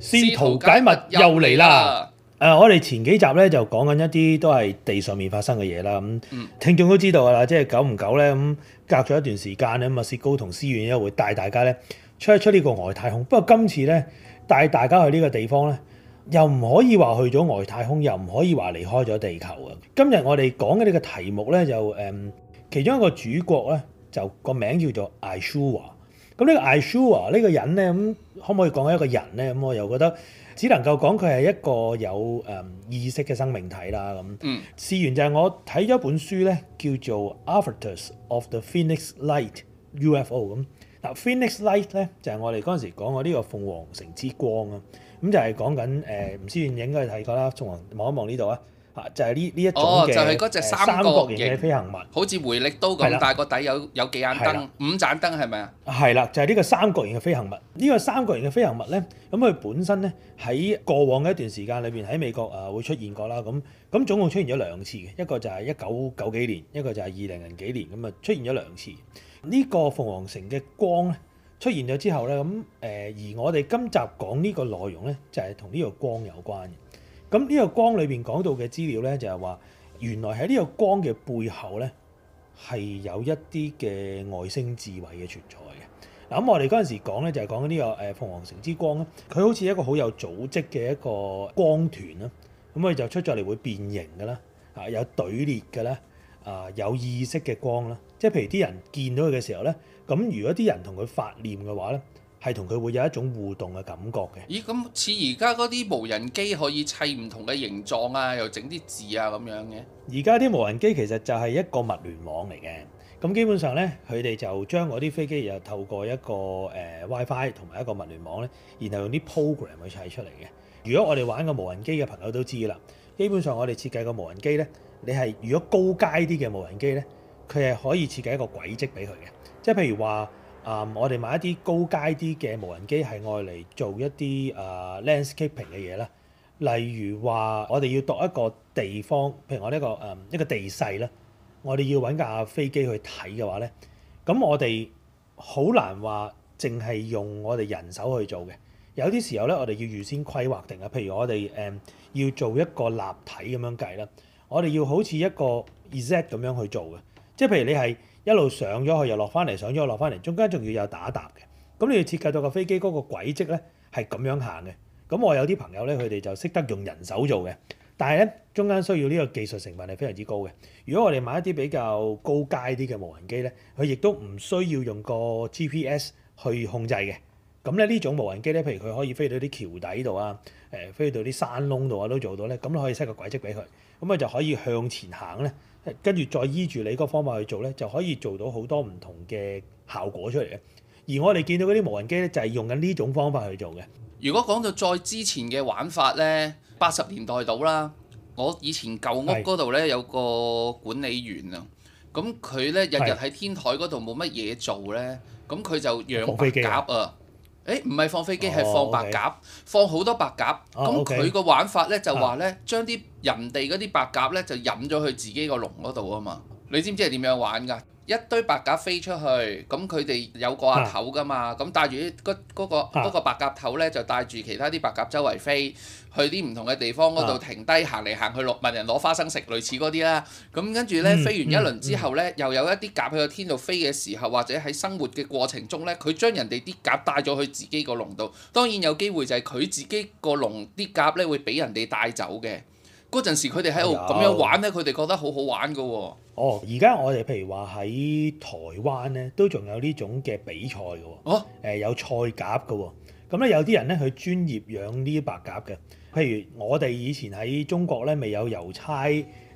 試圖解密又嚟啦！誒、啊，我哋前幾集咧就講緊一啲都係地上面發生嘅嘢啦。咁、嗯、聽眾都知道噶啦，即係久唔久咧咁、嗯，隔咗一段時間咧，麥、嗯、薛高同思遠又會帶大家咧出一出呢個外太空。不過今次咧帶大家去呢個地方咧，又唔可以話去咗外太空，又唔可以話離開咗地球啊！今日我哋講嘅呢個題目咧，就誒、嗯、其中一個主角咧，就個名叫做艾舒華。咁呢個 Ishuwa 呢個人咧，咁可唔可以講係一個人咧？咁我又覺得只能夠講佢係一個有誒、嗯、意識嘅生命體啦。咁試、嗯、完就係我睇咗一本書咧，叫做《Afterwards of the Phoenix Light UFO》咁、嗯。嗱，《Phoenix Light》咧就係、是、我哋嗰陣時講過呢個鳳凰城之光啊。咁就係講緊誒，唔、呃嗯、知遠影應該睇過啦。仲望一望呢度啊！啊，就係呢呢一種嘅，就係嗰隻三角形嘅飛行物，哦就係、行物好似回力刀咁大，個的底有有幾眼燈，的五盞燈係咪啊？係啦，就係、係、呢個三角形嘅飛行物。呢、呢個三角形嘅飛行物咧，咁佢本身咧喺過往嘅一段時間裏邊喺美國啊會出現過啦。咁咁總共出現咗兩次嘅，一個就係一九九幾年，一個就係二零零幾年，咁啊出現咗兩次。呢、呢個鳳凰城嘅光咧出現咗之後咧，咁誒而我哋今集講呢個內容咧就係同呢個光有關嘅。咁呢個光裏邊講到嘅資料咧，就係、是、話原來喺呢個光嘅背後咧，係有一啲嘅外星智慧嘅存在嘅。嗱、嗯、咁我哋嗰陣時講咧，就係講緊呢個誒鳳、呃、凰城之光啦，佢好似一個好有組織嘅一個光團啦。咁、嗯、佢就出咗嚟會變形㗎啦，啊有隊列㗎啦，啊有意識嘅光啦、啊，即係譬如啲人見到佢嘅時候咧，咁、嗯、如果啲人同佢發念嘅話咧。係同佢會有一種互動嘅感覺嘅。咦，咁似而家嗰啲無人機可以砌唔同嘅形狀啊，又整啲字啊咁樣嘅。而家啲無人機其實就係一個物聯網嚟嘅。咁基本上咧，佢哋就將嗰啲飛機又透過一個誒、呃、WiFi 同埋一個物聯網咧，然後用啲 program 去砌出嚟嘅。如果我哋玩過無人機嘅朋友都知啦，基本上我哋設計個無人機咧，你係如果高階啲嘅無人機咧，佢係可以設計一個軌跡俾佢嘅。即係譬如話。啊！Um, 我哋買一啲高階啲嘅無人機，係外嚟做一啲啊、uh, landscaping 嘅嘢咧。例如話，我哋要度一個地方，譬如我呢個誒、um, 一個地勢咧，我哋要揾架飛機去睇嘅話咧，咁我哋好難話淨係用我哋人手去做嘅。有啲時候咧，我哋要預先規劃定嘅。譬如我哋誒、um, 要做一個立體咁樣計啦，我哋要好似一個 Z 咁樣去做嘅。即係譬如你係。一路上咗去又落翻嚟，上咗落翻嚟，中間仲要有打搭嘅。咁你要設計到個飛機嗰個軌跡咧係咁樣行嘅。咁我有啲朋友咧，佢哋就識得用人手做嘅。但係咧，中間需要呢個技術成分係非常之高嘅。如果我哋買一啲比較高階啲嘅無人機咧，佢亦都唔需要用個 GPS 去控制嘅。咁咧，呢種無人機咧，譬如佢可以飛到啲橋底度啊，誒飛到啲山窿度啊，都做到咧，咁都可以 set 個軌跡俾佢，咁啊就可以向前行咧。跟住再依住你個方法去做呢，就可以做到好多唔同嘅效果出嚟嘅。而我哋見到嗰啲無人機呢，就係用緊呢種方法去做嘅。如果講到再之前嘅玩法呢，八十年代到啦，我以前舊屋嗰度呢，有個管理員啊，咁佢是呢，日日喺天台嗰度冇乜嘢做呢，咁佢就養白鴿啊。誒，唔係放飛機，係、哦、放白鴿。okay. 放好多白鴿，咁佢個玩法咧，哦 okay. 就話咧，將啲，啊、人哋嗰啲白鴿咧就飲咗去自己個籠嗰度啊嘛。你知唔知係點樣玩㗎？一堆白鴿飛出去，咁佢哋有個阿頭㗎嘛？咁帶住啲嗰個白鴿頭呢，就帶住其他啲白鴿周圍飛，去啲唔同嘅地方嗰度停低，行嚟行去落問人攞花生食，類似嗰啲啦。咁跟住呢，飛完一輪之後呢，又有一啲鴿去個天度飛嘅時候，或者喺生活嘅過程中呢，佢將人哋啲鴿帶咗去自己個籠度。當然有機會就係佢自己個籠啲鴿呢會俾人哋帶走嘅。嗰陣時佢哋喺度咁樣玩咧，佢哋有覺得好好玩嘅喎。哦，而家、哦、我哋譬如話喺台灣咧，都仲有呢種嘅比賽嘅喎。哦，誒、啊呃、有賽鴿嘅喎。咁咧有啲人咧佢專業養呢啲白鴿嘅。譬如我哋以前喺中國咧未有郵差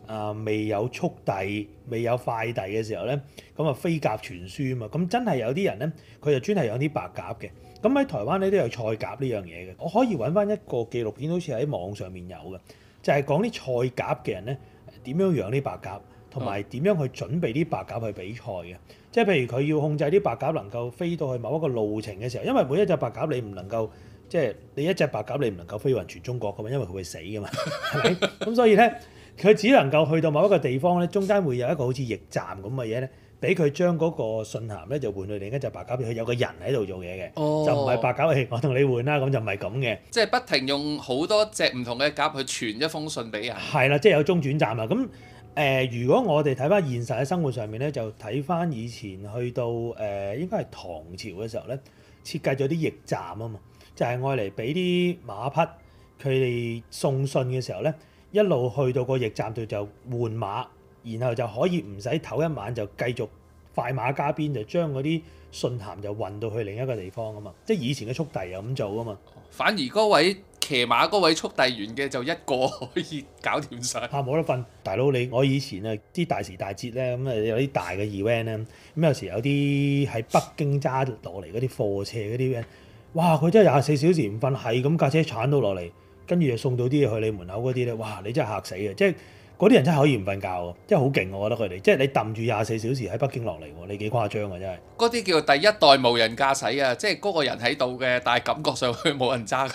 啊、呃，未有速遞、未有快遞嘅時候咧，咁啊飛鴿傳書啊嘛。咁真係有啲人咧，佢就專係養啲白鴿嘅。咁喺台灣咧都有賽鴿呢樣嘢嘅。我可以揾翻一個紀錄片，好似喺網上面有嘅。就係講啲賽鴿嘅人咧，點樣養啲白鴿，同埋點樣去準備啲白鴿去比賽嘅。即係譬如佢要控制啲白鴿能夠飛到去某一個路程嘅時候，因為每一隻白鴿你唔能夠，即係你一隻白鴿你唔能夠飛勻全中國噶嘛，因為佢會死噶嘛，係咪？ 咁所以咧。佢只能夠去到某一個地方咧，中間會有一個好似驛站咁嘅嘢咧，俾佢將嗰個信函咧就換佢哋咧就白鴿，佢有個人喺度做嘢嘅，oh. 就唔係白鴿，誒，我同你換啦，咁就唔係咁嘅。即係不停用好多隻唔同嘅鴿去傳一封信俾人。係啦，即、就、係、是、有中轉站啊。咁誒、呃，如果我哋睇翻現實喺生活上面咧，就睇翻以前去到誒、呃、應該係唐朝嘅時候咧，設計咗啲驛站啊嘛，就係愛嚟俾啲馬匹佢哋送信嘅時候咧。一路去到個驛站度就換馬，然後就可以唔使唞一晚就繼續快馬加鞭，就將嗰啲信函就運到去另一個地方啊嘛！即係以前嘅速遞又咁做啊嘛。反而嗰位騎馬嗰位速遞員嘅就一個可以搞掂晒，怕冇得瞓。大佬你我以前啊啲大時大節咧，咁、嗯、啊有啲大嘅 event 咧、嗯，咁有時有啲喺北京揸落嚟嗰啲貨車嗰啲人，哇！佢真係廿四小時唔瞓，係咁架車鏟到落嚟。跟住又送到啲嘢去你門口嗰啲咧，哇！你真係嚇死呀，即係嗰啲人真係可以唔瞓覺喎，真係好勁！我覺得佢哋，即係你揼住廿四小時喺北京落嚟，你幾誇張啊！真係嗰啲叫第一代無人駕駛啊，即係嗰個人喺度嘅，但係感覺上佢冇人揸，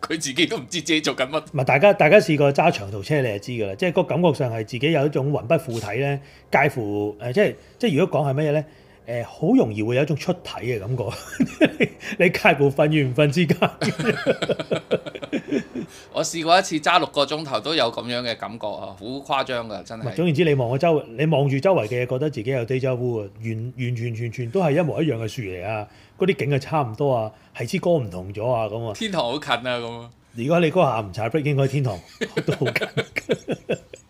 佢 自己都唔知自己做緊乜。唔係大家，大家試過揸長途車你就知㗎啦，即係嗰感覺上係自己有一種魂不附體咧，介乎誒，即係即係如果講係乜嘢咧？誒好、欸、容易會有一種出體嘅感覺， 你介部瞓、唔瞓之間， 我試過一次揸六個鐘頭都有咁樣嘅感覺啊，好誇張㗎，真係。總言之，你望個周圍，你望住周圍嘅，覺得自己有 deja vu，完完，完全完全都係一模一樣嘅樹嚟啊，嗰啲景係差唔多啊，係支歌唔同咗啊咁啊。天堂好近啊咁。如果你嗰下唔踩 break，應該天堂都好很近。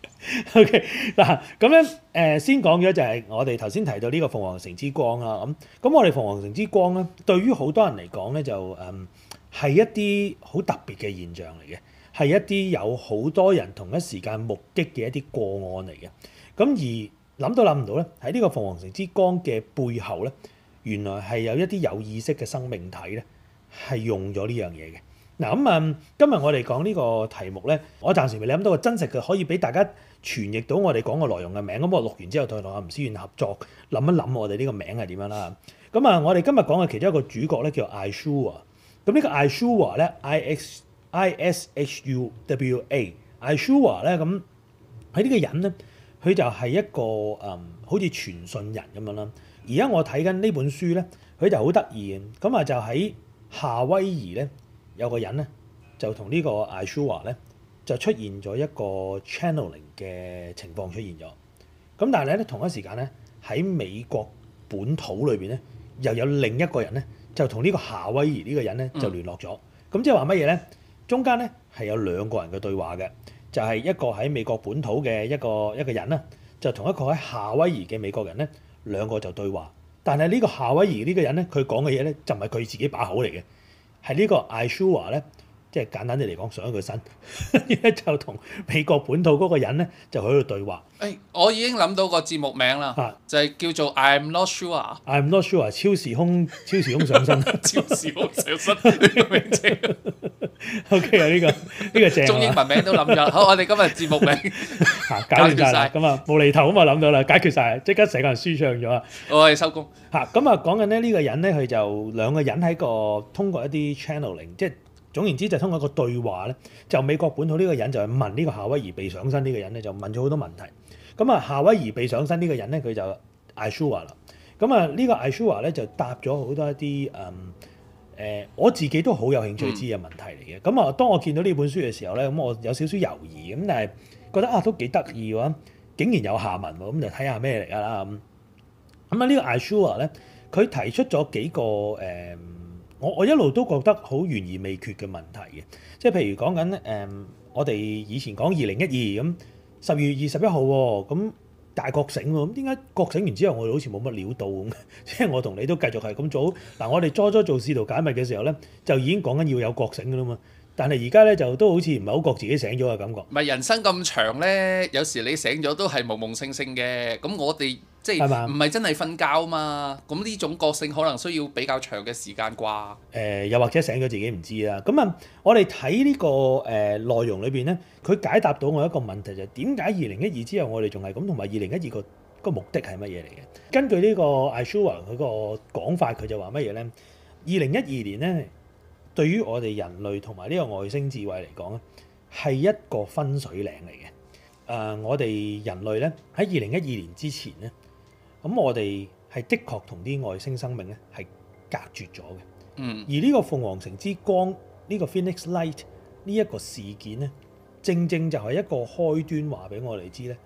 O.K. 嗱，咁樣誒先講咗就係我哋頭先提到呢個鳳凰城之光啦。咁咁我哋鳳凰城之光咧，對於好多人嚟講咧、就是，就誒係一啲好特別嘅現象嚟嘅，係一啲有好多人同一時間目擊嘅一啲個案嚟嘅。咁而諗都諗唔到咧，喺呢個鳳凰城之光嘅背後咧，原來係有一啲有意識嘅生命體咧，係用咗呢樣嘢嘅。嗱咁啊，今日我哋講呢個題目咧，我暫時未諗到個真實嘅可以俾大家。傳譯到我哋講個內容嘅名，咁我錄完之後再同阿吳思遠合作諗一諗我哋呢個名係點樣啦。咁啊，我哋今日講嘅其中一個主角咧叫 Ishuwa，咁呢個 Ishuwa 咧，I x I S H U W A，Ishuwa 咧，咁喺呢個人咧，佢就係一個嗯好似傳信人咁樣啦。而家我睇緊呢本書咧，佢就好得意嘅，咁啊就喺夏威夷咧有個人咧就同呢個 Ishuwa 咧。就出現咗一個 channeling 嘅情況出現咗，咁但係咧，同一時間咧，喺美國本土裏邊咧，又有另一個人咧，就同呢個夏威夷呢個人咧就聯絡咗，咁即係話乜嘢咧？中間咧係有兩個人嘅對話嘅，就係一個喺美國本土嘅一個一個人啦，就同一個喺夏威夷嘅美國人咧，兩個就對話，但係呢個夏威夷呢個人咧，佢講嘅嘢咧就唔係佢自己把口嚟嘅，係呢個 Ishuwa 咧。即係簡單啲嚟講，上咗佢身，而家就同美國本土嗰個人咧，就喺度對話。誒，我已經諗到個節目名啦，就係叫做《I'm Not Sure》。I'm Not Sure 超時空，超時空上身，超時空上身呢個名稱。OK 啊，呢個呢個正。中英文名都諗咗，好，我哋今日節目名解決晒。咁啊無厘頭咁啊諗到啦，解決晒。即刻成個人舒暢咗啊！我哋收工。嚇咁啊，講緊咧呢個人咧，佢就兩個人喺個通過一啲 channeling，即係。總言之，就通過一個對話咧，就美國本土呢個人就問呢個夏威夷被上身呢個人咧，就問咗好多問題。咁啊，夏威夷被上身呢個人咧，佢就 Ishuwa 啦。咁啊，呢個 Ishuwa 咧就答咗好多一啲誒、嗯呃，我自己都好有興趣知嘅問題嚟嘅。咁啊、嗯，當我見到呢本書嘅時候咧，咁我有少少猶豫，咁但係覺得啊，都幾得意喎，竟然有下文喎，咁就睇下咩嚟㗎啦。咁、嗯、啊，呢個 Ishuwa 咧，佢提出咗幾個誒。嗯我我一路都覺得好懸而未決嘅問題嘅，即係譬如講緊誒，我哋以前講二零一二咁，十月二十一號咁大覺醒喎，咁點解覺醒完之後我哋好似冇乜料到咁？ 即係我同你都繼續係咁做嗱，我哋初初做試圖解密嘅時候咧，就已經講緊要有覺醒嘅啦嘛，但係而家咧就都好似唔係好覺自己醒咗嘅感覺。唔係人生咁長咧，有時你醒咗都係朦朦朧朧嘅，咁我哋。即係唔係真係瞓覺嘛？咁呢吧種覺醒可能需要比較長嘅時間啩。誒、呃，又或者醒咗自己唔知啦。咁啊、這個，我哋睇呢個誒內容裏邊咧，佢解答到我一個問題就係點解二零一二之後我哋仲係咁，同埋二零一二個個目的係乜嘢嚟嘅？根據呢個 Ishuwa 嗰個講法，佢就話乜嘢咧？二零一二年咧，對於我哋人類同埋呢個外星智慧嚟講，咧係一個分水嶺嚟嘅。誒、呃，我哋人類咧喺二零一二年之前咧。咁我哋係的確同啲外星生命咧係隔絕咗嘅，嗯。而呢個鳳凰城之光，呢個 Phoenix Light，呢一個事件咧，正正就係一個開端，話俾我哋知咧，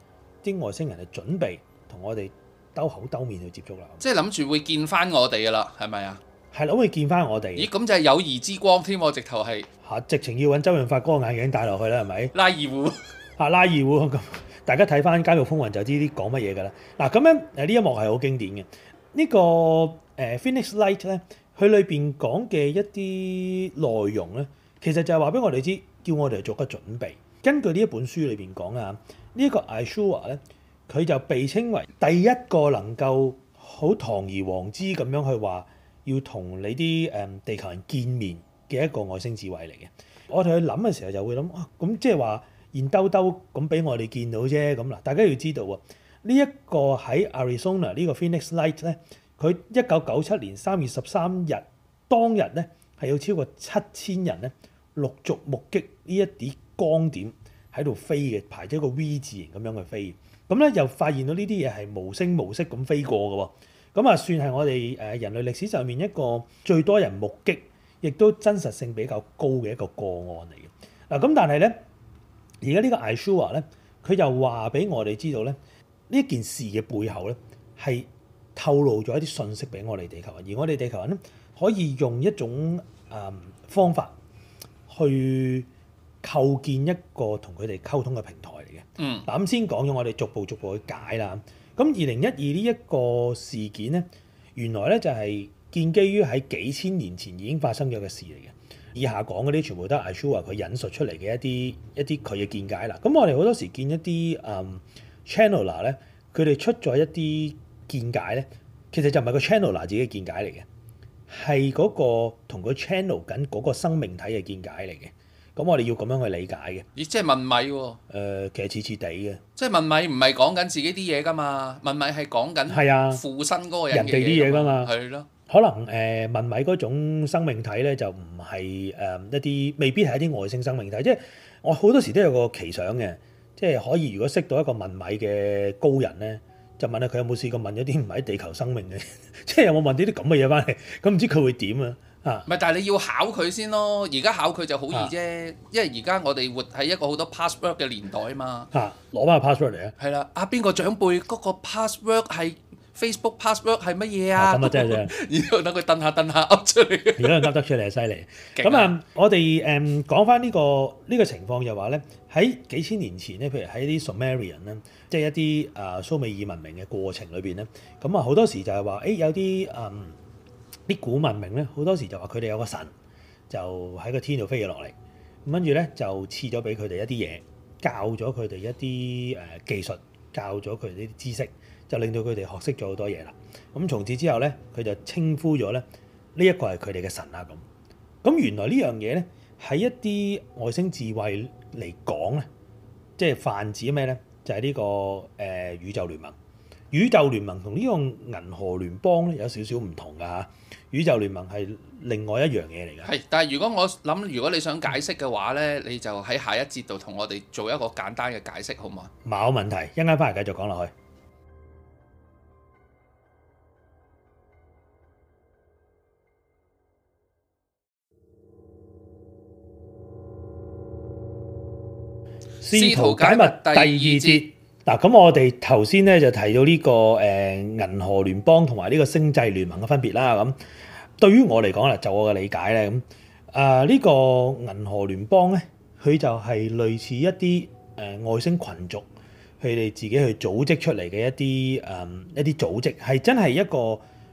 啲外星人係準備同我哋兜口兜面去接觸啦，即係諗住會見翻我哋噶啦，係咪啊？係咯，諗住見翻我哋。咦，咁就係友誼之光添，直頭係嚇，直情要揾周潤發嗰個眼鏡戴落去啦，係咪？拉二胡嚇，拉二胡咁。大家睇翻《監獄風雲》就知啲講乜嘢㗎啦。嗱，咁樣誒呢一幕係好經典嘅。呢、這個誒、呃《Phoenix Light》咧，佢裏邊講嘅一啲內容咧，其實就係話俾我哋知，叫我哋做個準備。根據呢一本書裏邊講啊，呢、這、一個 Ishuwa 咧，佢就被稱為第一個能夠好堂而皇之咁樣去話要同你啲誒地球人見面嘅一個外星智慧嚟嘅。我哋去諗嘅時候就會諗啊，咁即係話。現兜兜咁俾我哋見到啫，咁嗱，大家要知道喎。呢一個喺 Arizona 呢個 Phoenix Light 咧，佢一九九七年三月十三日當日咧係有超過七千人咧陸續目擊呢一啲光點喺度飛嘅，排咗一個 V 字形咁樣嘅飛。咁咧又發現到呢啲嘢係無聲無息咁飛過嘅，咁啊算係我哋誒人類歷史上面一個最多人目擊，亦都真實性比較高嘅一個個案嚟嘅，嗱。咁但係咧。而家呢個 Ishuwa 咧，佢就話俾我哋知道咧，呢件事嘅背後咧，係透露咗一啲信息俾我哋地，地球人，而我哋地球人咧，可以用一種誒、嗯、方法去構建一個同佢哋溝通嘅平台嚟嘅。嗯，嗱先講咗，我哋逐步逐步去解啦。咁二零一二呢一個事件咧，原來咧就係建基於喺幾千年前已經發生咗嘅事嚟嘅。以下講嗰啲全部都係阿 Ishuwa 佢引述出嚟嘅一啲一啲佢嘅見解啦。咁我哋好多時見一啲嗯 channeler 咧，佢、um，哋、er、出咗一啲見解咧，其實就唔係個 channeler 自己嘅見解嚟嘅，係嗰、那個同個 channel 緊嗰個生命體嘅見解嚟嘅。咁我哋要咁樣去理解嘅。而即係問米喎、啊呃？其實似似地嘅。即係問米唔係講緊自己啲嘢噶嘛？問米係講緊係啊附身嗰個人哋啲嘢噶嘛？係咯。可能誒、呃、問米嗰種生命體咧就唔係誒一啲未必係一啲外星生命體，即係我好多時都有個奇想嘅，即係可以如果識到一個問米嘅高人咧，就問下佢有冇試過問一啲唔係喺地球生命嘅，即係有冇問啲啲咁嘅嘢翻嚟，咁唔知佢會點啊？啊！唔係，但係你要考佢先咯，而家考佢就好易啫，因為而家我哋活喺一個好多 password 嘅年代嘛啊嘛。啊！攞返個 password 嚟啊？係啦，阿邊個長輩嗰個 password 係？Facebook password 係乜嘢啊？咁啊真係然等佢掟下掟下噏出嚟，如果佢噏得出嚟，犀利、 這個！咁啊，我哋誒講翻呢個呢個情況就話咧，喺幾千年前咧，譬如喺啲 Sumerian 咧，即係一啲啊蘇美爾文明嘅過程裏邊咧，咁啊好多時就係話，誒、欸、有啲啊啲古文明咧，好多時就話佢哋有個神就，就喺個天度飛咗落嚟，咁跟住咧就賜咗俾佢哋一啲嘢，教咗佢哋一啲誒技術，教咗佢哋啲知識。就令到佢哋學識咗好多嘢啦。咁、嗯、從此之後呢，佢就稱呼咗呢呢一個係佢哋嘅神啦。咁咁原來呢樣嘢呢，喺一啲外星智慧嚟講呢，即係泛指咩呢？就係、是、呢、呢個誒、呃、宇宙聯盟。宇宙聯盟同呢個銀河聯邦呢，有少少唔同㗎嚇。宇宙聯盟係另外一樣嘢嚟嘅。係，但係如果我諗，如果你想解釋嘅話呢，你就喺下一節度同我哋做一個簡單嘅解釋好嗎？冇問題，一陣間返嚟繼續講落去。試圖解密第二節嗱，咁我哋頭先咧就提到呢個誒銀河聯邦同埋呢個星際聯盟嘅分別啦。咁對於我嚟講咧，就我嘅理解咧，咁啊呢個銀河聯邦咧，佢就係類似一啲誒外星群族，佢哋自己去組織出嚟嘅一啲誒一啲組織，係真係一個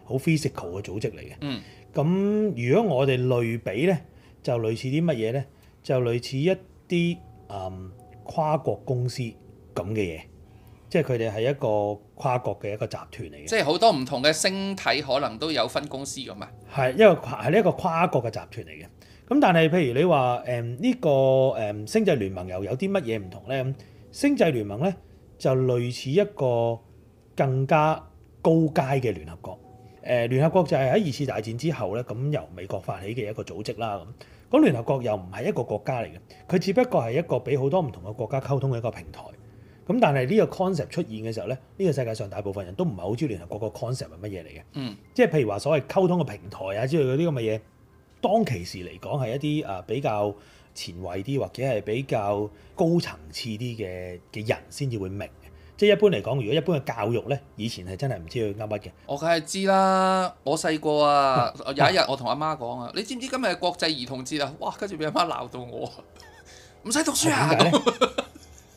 好 physical 嘅組織嚟嘅。嗯，咁如果我哋類比咧，就類似啲乜嘢咧？就類似一啲誒。跨國公司咁嘅嘢，即係佢哋係一個跨國嘅一個集團嚟嘅。即係好多唔同嘅星體可能都有分公司咁啊。係，因為係呢一個跨國嘅集團嚟嘅。咁但係，譬如你話誒呢個誒、呃、星際聯盟又有啲乜嘢唔同咧？星際聯盟咧就類似一個更加高階嘅聯合國。誒、呃，聯合國就係喺二次大戰之後咧，咁、呃、由美國發起嘅一個組織啦咁。呃咁聯合國又唔係一個國家嚟嘅，佢只不過係一個俾好多唔同嘅國家溝通嘅一個平台。咁但係呢個 concept 出現嘅時候咧，呢個世界上大部分人都唔係好知聯合國個 concept 係乜嘢嚟嘅。嗯，即係譬如話所謂溝通嘅平台啊之類嗰啲咁嘅嘢，當其時嚟講係一啲啊比較前衛啲或者係比較高層次啲嘅嘅人先至會明。即係一般嚟講，如果一般嘅教育咧，以前係真係唔知佢噏乜嘅。我梗係知啦，我細個啊， 有一日我同阿媽講啊，你知唔知今日係國際兒童節啊？哇！跟住俾阿媽鬧到我，唔 使讀書啊！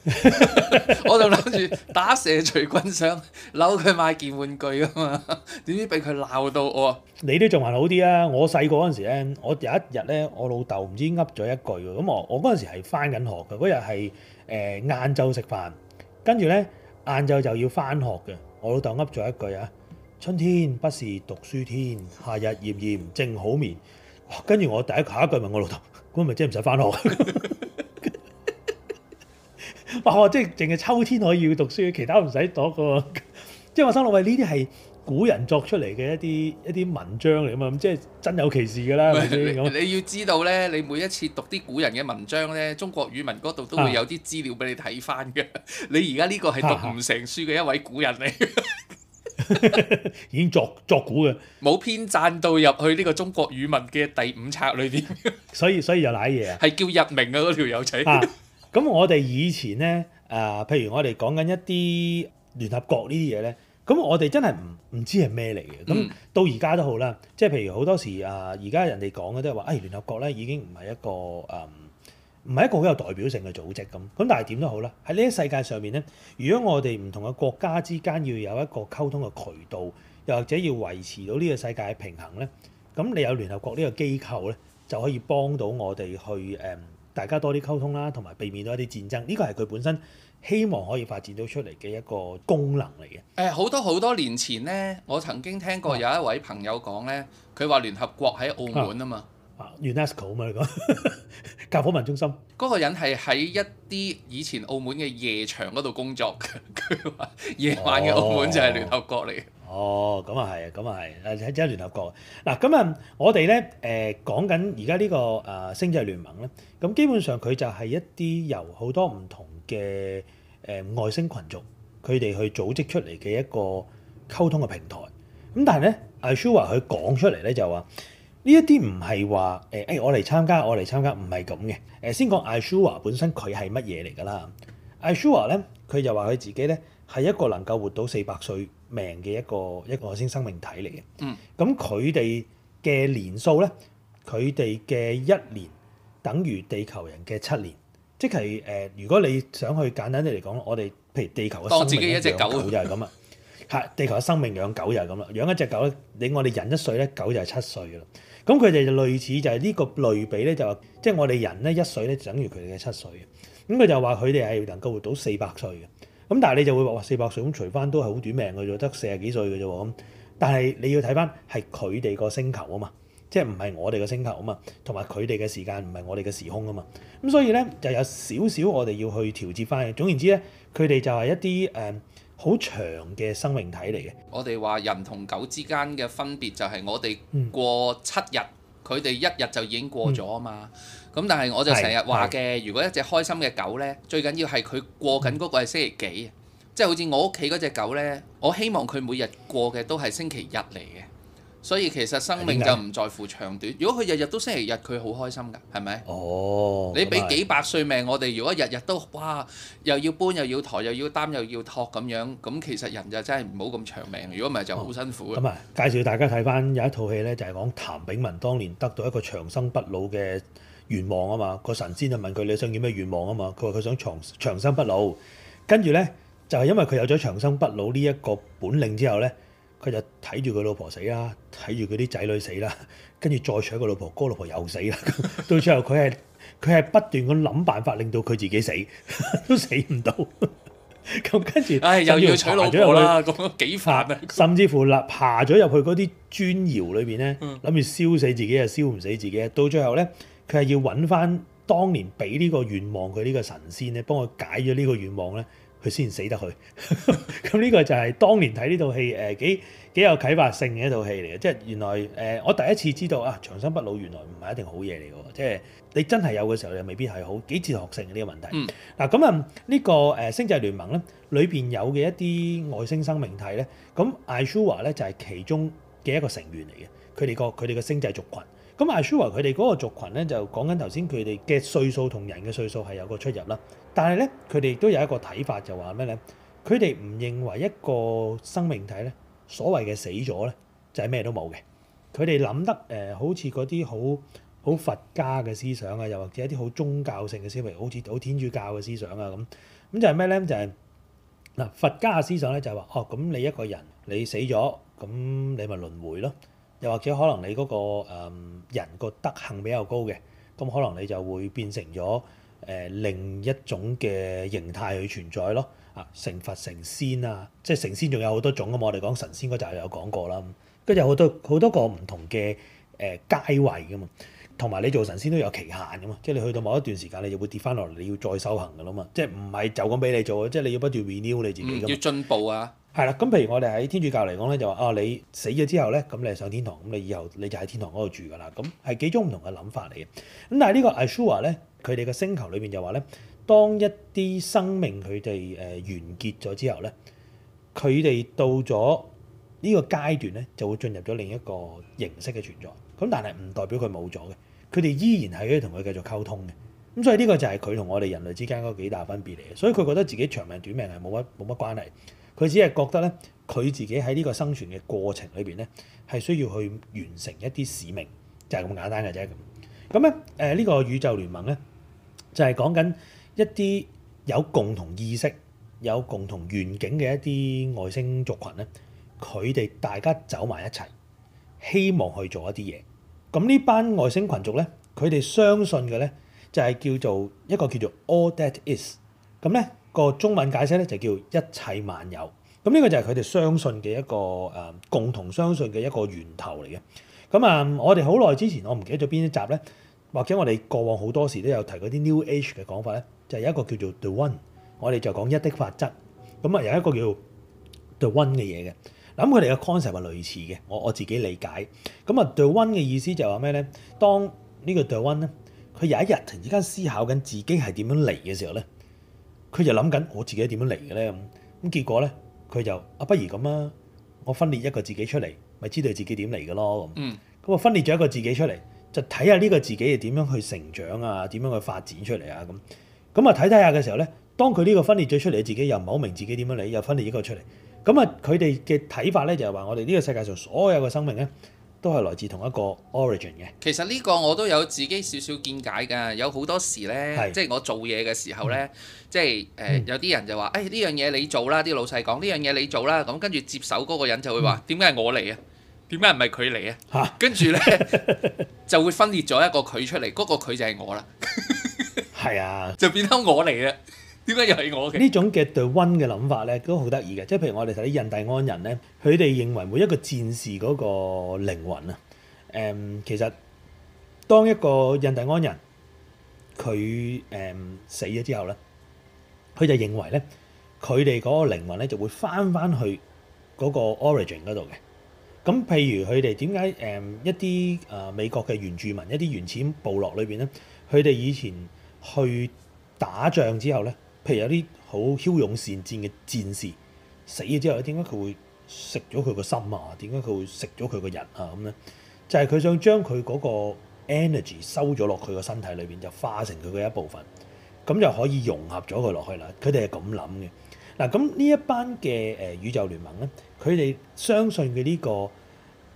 我就諗住打蛇隨棍上，想扭佢買件玩具吖嘛，點知俾佢鬧到我。啊！你都仲還好啲啊！我細個嗰陣時咧，我有一日咧，我老豆唔知噏咗一句嘅，咁我我嗰陣時係返緊學嘅，嗰日係誒晏晝食飯，跟住咧。晏晝就要翻學嘅，我老豆噏咗一句啊：春天不是讀書天，夏日炎炎正好眠。跟住我第一下一句問我老豆：咁咪即係唔使翻學？ 哇！我即係淨係秋天可以要讀書，其他唔使讀㗎。即係我生老偉呢啲係。古人作出嚟嘅一啲一啲文章嚟啊嘛，咁即係真有其事㗎啦。 你要知道咧，你每一次讀啲古人嘅文章咧，中國語文嗰度都會有啲資料俾你睇翻嘅。 你而家呢個係讀唔成書嘅一位古人嚟， 已經作作古嘅，冇編撰到入去呢個中國語文嘅第五冊裏邊 。所以所以就瀨嘢係叫入名嘅嗰條友仔。咁、那個 啊、我哋以前咧，誒、呃、譬如我哋講緊一啲聯合國呢啲嘢咧。咁我哋真係唔唔知係咩嚟嘅，咁到而家都好啦。即係譬如好多時啊，而家人哋講嘅都係話，誒、哎、聯合國咧已經唔係一個誒唔係一個好有代表性嘅組織咁。咁但係點都好啦，喺呢個世界上面咧，如果我哋唔同嘅國家之間要有一個溝通嘅渠道，又或者要維持到呢個世界嘅平衡咧，咁你有聯合國呢個機構咧，就可以幫到我哋去誒、嗯、大家多啲溝通啦，同埋避免到一啲戰爭。呢、呢個係佢本身。希望可以發展到出嚟嘅一個功能嚟嘅。誒，好多好多年前呢，我曾經聽過有一位朋友講呢，佢話聯合國喺澳門啊嘛。啊，UNESCO 啊嘛，你講教科文中心。嗰個人係喺一啲以前澳門嘅夜場嗰度工作，佢話夜晚嘅澳門就係聯合國嚟嘅。哦。哦，咁啊係，咁啊係，誒即係聯合國嗱。咁、呃這個、啊，我哋咧誒講緊而家呢個誒星際聯盟咧，咁基本上佢就係一啲由好多唔同嘅誒、呃、外星群族，佢哋去組織出嚟嘅一個溝通嘅平台。咁但係咧，艾舒華佢講出嚟咧就話呢一啲唔係話誒誒我嚟參加，我嚟參加唔係咁嘅。誒先講艾舒華本身佢係乜嘢嚟㗎啦？艾舒華咧佢就話佢自己咧係一個能夠活到四百歲。命嘅一個一個外星生命體嚟嘅，咁佢哋嘅年數咧，佢哋嘅一年等於地球人嘅七年，即係誒、呃，如果你想去簡單啲嚟講，我哋譬如地球嘅生命一隻狗養狗就係咁啊，嚇， 地球嘅生命養狗就係咁啦，養一隻狗咧，你我哋人一歲咧，狗就係七歲啦，咁佢哋就類似就係、是、呢個類比咧，就即、是、係我哋人咧一歲咧就等於佢哋嘅七歲，咁佢就話佢哋係能夠活到四百歲嘅。咁但係你就會話四百歲咁，除翻都係好短命嘅啫，得四十幾歲嘅啫。咁但係你要睇翻係佢哋個星球啊嘛，即係唔係我哋個星球啊嘛，同埋佢哋嘅時間唔係我哋嘅時空啊嘛。咁所以咧就有少少我哋要去調節翻嘅。總言之咧，佢哋就係一啲誒好長嘅生命體嚟嘅。我哋話人同狗之間嘅分別就係我哋過七日，佢哋、嗯、一日就已經過咗啊、嗯、嘛。咁但係我就成日話嘅，如果一隻開心嘅狗呢，最緊要係佢過緊嗰個係星期幾，嗯、即係好似我屋企嗰隻狗呢，我希望佢每日過嘅都係星期日嚟嘅。所以其實生命就唔在乎長短。如果佢日日都星期日，佢好開心㗎，係咪？哦，你俾幾百歲命、哦、我哋，如果日日都哇又要搬又要抬又要擔又要托咁樣，咁其實人就真係唔好咁長命。如果唔係就好辛苦。咁啊、哦嗯，介紹大家睇翻有一套戲呢，就係、是、講譚炳文當年得到一個長生不老嘅。願望啊嘛，個神仙就問佢，你想點樣願望啊嘛，佢話佢想長長生不老。跟住咧就係、是、因為佢有咗長生不老呢一個本領之後咧，佢就睇住佢老婆死啦，睇住佢啲仔女死啦，跟住再娶個老婆，個老婆又死啦。到最後佢係佢係不斷咁諗辦法令到佢自己死，都死唔到。咁 跟住，唉，又要娶老婆啦。咁幾法咧？甚至乎啦爬咗入去嗰啲磚窯裏邊咧，諗住燒死自己又燒唔死自己，到最後咧。佢係要揾翻當年俾呢個願望佢呢個神仙咧，幫佢解咗呢個願望咧，佢先死得去。咁 呢個就係當年睇呢套戲誒幾幾有啟發性嘅一套戲嚟嘅，即係原來誒、呃、我第一次知道啊長生不老原來唔係一定好嘢嚟嘅，即係你真係有嘅時候又未必係好幾哲學性嘅呢個問題。嗱咁、嗯、啊呢、嗯這個誒、呃、星際聯盟咧裏邊有嘅一啲外星生命體咧，咁艾蘇華咧就係其中嘅一個成員嚟嘅，佢哋個佢哋嘅星際族群。咁阿舒華佢哋嗰個族群咧，就講緊頭先佢哋嘅歲數同人嘅歲數係有個出入啦。但係咧，佢哋亦都有一個睇法，就話咩咧？佢哋唔認為一個生命體咧，所謂嘅死咗咧，就係咩都冇嘅。佢哋諗得誒，好似嗰啲好好佛家嘅思想啊，又或者一啲好宗教性嘅思維，好似好天主教嘅思想啊咁。咁就係咩咧？就係嗱，佛家嘅思想咧就係話，哦咁你一個人你死咗，咁你咪輪迴咯。又或者可能你嗰、那個、呃、人個德行比較高嘅，咁可能你就會變成咗誒、呃、另一種嘅形態去存在咯。啊，成佛成仙啊，即係成仙仲有好多種啊嘛！我哋講神仙嗰集就有講過啦，跟住好多好多個唔同嘅誒階位噶嘛，同埋你做神仙都有期限噶嘛，即係你去到某一段時間，你就會跌返落嚟，你要再修行噶啦嘛，即係唔係就咁俾你做，即係你要不斷 renew 你自己要進步啊！係啦，咁譬如我哋喺天主教嚟講咧，就話啊，你死咗之後咧，咁你上天堂，咁你以後你就喺天堂嗰度住㗎啦。咁係幾種唔同嘅諗法嚟嘅。咁但係、ah、呢個 Ishuwa 咧，佢哋嘅星球裏邊就話咧，當一啲生命佢哋誒完結咗之後咧，佢哋到咗呢個階段咧，就會進入咗另一個形式嘅存在。咁但係唔代表佢冇咗嘅，佢哋依然係可以同佢繼續溝通嘅。咁所以呢個就係佢同我哋人類之間嗰幾大分別嚟嘅。所以佢覺得自己長命短命係冇乜冇乜關係。佢只係覺得咧，佢自己喺呢個生存嘅過程裏邊咧，係需要去完成一啲使命，就係咁簡單嘅啫。咁咧，誒呢個宇宙聯盟咧，就係講緊一啲有共同意識、有共同願景嘅一啲外星族群咧，佢哋大家走埋一齊，希望去做一啲嘢。咁呢班外星群族咧，佢哋相信嘅咧，就係叫做一個叫做 All That Is。咁咧。個中文解釋咧就叫一切萬有，咁呢個就係佢哋相信嘅一個誒、嗯、共同相信嘅一個源頭嚟嘅。咁啊，我哋好耐之前我唔記得咗邊一集咧，或者我哋過往好多時都有提過啲 New Age 嘅講法咧，就係、有一個叫做 The One，我哋就講一的法則。咁啊，有一個叫做 The One 嘅嘢嘅，諗佢哋嘅 concept 係類似嘅。我我自己理解。咁啊，The One 嘅意思就係話咩咧？當呢個 The One 咧，佢有一日突然之間思考緊自己係點樣嚟嘅時候咧。佢就諗緊我自己點樣嚟嘅咧，咁咁結果咧，佢就啊不如咁啊，我分裂一個自己出嚟，咪知道自己點嚟嘅咯。咁咁我分裂咗一個自己出嚟，就睇下呢個自己係點樣去成長啊，點樣去發展出嚟啊咁。咁啊睇睇下嘅時候咧，當佢呢個分裂咗出嚟嘅自己又唔係好明自己點樣嚟，又分裂一個出嚟。咁啊佢哋嘅睇法咧就係話，我哋呢個世界上所有嘅生命咧。都係來自同一個 origin 嘅。其實呢個我都有自己少少見解㗎。有好多時呢，是即係我做嘢嘅時候呢，嗯、即係誒、呃、有啲人就話，誒呢樣嘢你做啦，啲老細講呢樣嘢你做啦。咁跟住接手嗰個人就會話，點解係我嚟啊？點解唔係佢嚟啊？嚇、啊！跟住呢， 就會分裂咗一個佢出嚟，嗰、嗰個佢就係我啦。係 啊， 就變翻我嚟啦。點解又係我嘅？種呢種嘅對 one 嘅諗法咧，都好得意嘅。即係譬如我哋睇啲印第安人咧，佢哋認為每一個戰士嗰個靈魂啊，誒、嗯，其實當一個印第安人佢誒、嗯、死咗之後咧，佢就認為咧，佢哋嗰個靈魂咧就會翻翻去嗰個 origin 嗰度嘅。咁譬如佢哋點解誒一啲誒美國嘅原住民一啲原始部落裏邊咧，佢哋以前去打仗之後咧？譬如有啲好驍勇善戰嘅戰士死咗之後咧，點解佢會食咗佢個心啊？點解佢會食咗佢個人啊？咁咧就係、是、佢想將佢嗰個 energy 收咗落佢個身體裏邊，就化成佢嘅一部分，咁就可以融合咗佢落去啦。佢哋係咁諗嘅。嗱，咁呢一班嘅誒、呃、宇宙聯盟咧，佢哋相信嘅呢、這個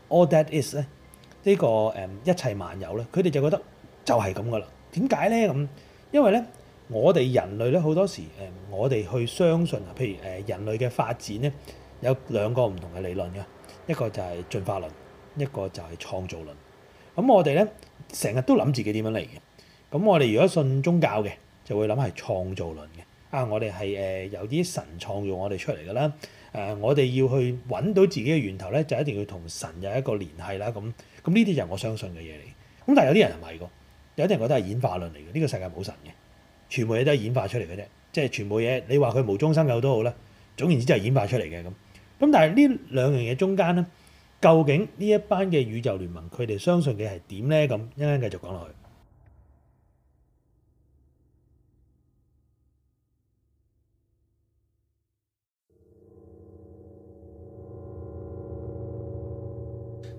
all that is 咧、這個，呢個誒一切萬有咧，佢哋就覺得就係咁噶啦。點解咧？咁因為咧。我哋人類咧好多時誒，我哋去相信啊，譬如誒人類嘅發展咧有兩個唔同嘅理論嘅，一個就係進化論，一個就係創造論。咁我哋咧成日都諗自己點樣嚟嘅。咁我哋如果信宗教嘅，就會諗係創造論嘅啊。我哋係誒有啲神創造我哋出嚟㗎啦。誒、啊，我哋要去揾到自己嘅源頭咧，就一定要同神有一個聯繫啦。咁咁呢啲就係我相信嘅嘢嚟。咁但係有啲人係唔係個有啲人覺得係演化論嚟嘅呢個世界冇神嘅。全部嘢都係演化出嚟嘅啫，即係全部嘢你話佢無中生有都好啦。總言之，就係演化出嚟嘅咁。咁但係呢兩樣嘢中間咧，究竟呢一班嘅宇宙聯盟佢哋相信嘅係點咧？咁一陣間繼續講落去。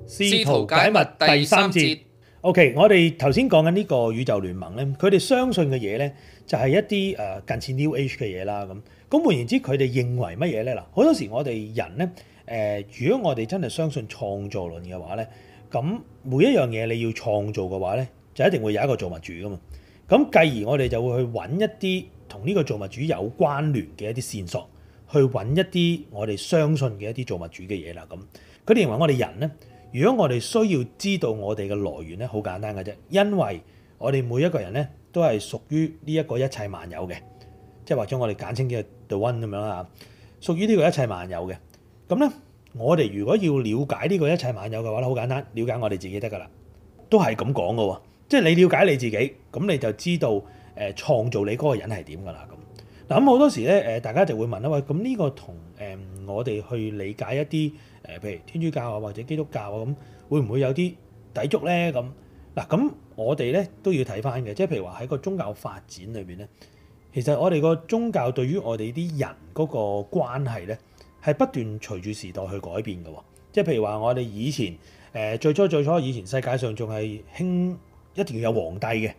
試圖解密第三節。三節 O.K. 我哋頭先講緊呢個宇宙聯盟咧，佢哋相信嘅嘢咧。就係一啲誒近似 New Age 嘅嘢啦，咁咁換言之，佢哋認為乜嘢咧？嗱，好多時我哋人咧，誒，如果我哋真係相信創造論嘅話咧，咁每一樣嘢你要創造嘅話咧，就一定會有一個造物主㗎嘛。咁繼而我哋就會去揾一啲同呢個造物主有關聯嘅一啲線索，去揾一啲我哋相信嘅一啲造物主嘅嘢啦。咁佢哋認為我哋人咧，如果我哋需要知道我哋嘅來源咧，好簡單嘅啫，因為我哋每一個人咧，都係屬於呢一個一切萬有嘅，即係或者我哋簡稱叫 the one 咁樣啦嚇，屬於呢個一切萬有嘅。咁咧，我哋如果要了解呢個一切萬有嘅話咧，好簡單，了解我哋自己得㗎啦。都係咁講嘅喎，即係你了解你自己，咁你就知道誒、呃、創造你嗰個人係點㗎啦咁。嗱，咁好多時咧誒、呃，大家就會問啊喂，咁呢個同誒、呃、我哋去理解一啲誒、呃，譬如天主教啊或者基督教啊咁，會唔會有啲抵觸咧咁？嗱咁。我哋咧都要睇翻嘅，即係譬如話喺個宗教發展裏邊咧，其實我哋個宗教對於我哋啲人嗰個關係咧，係不斷隨住時代去改變嘅。即係譬如話，我哋以前誒、呃、最初最初以前世界上仲係興一定要有皇帝嘅。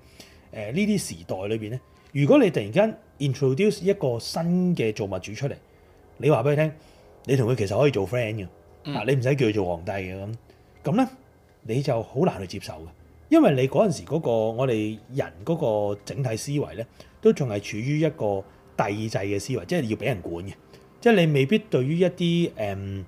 誒呢啲時代裏邊咧，如果你突然間 introduce 一個新嘅造物主出嚟，你話俾佢聽，你同佢其實可以做 friend 嘅，嗱你唔使叫佢做皇帝嘅咁，咁咧你就好難去接受嘅。因為你嗰陣時嗰、那個我哋人嗰個整體思維咧，都仲係處於一個帝制嘅思維，即係要俾人管嘅，即係你未必對於一啲誒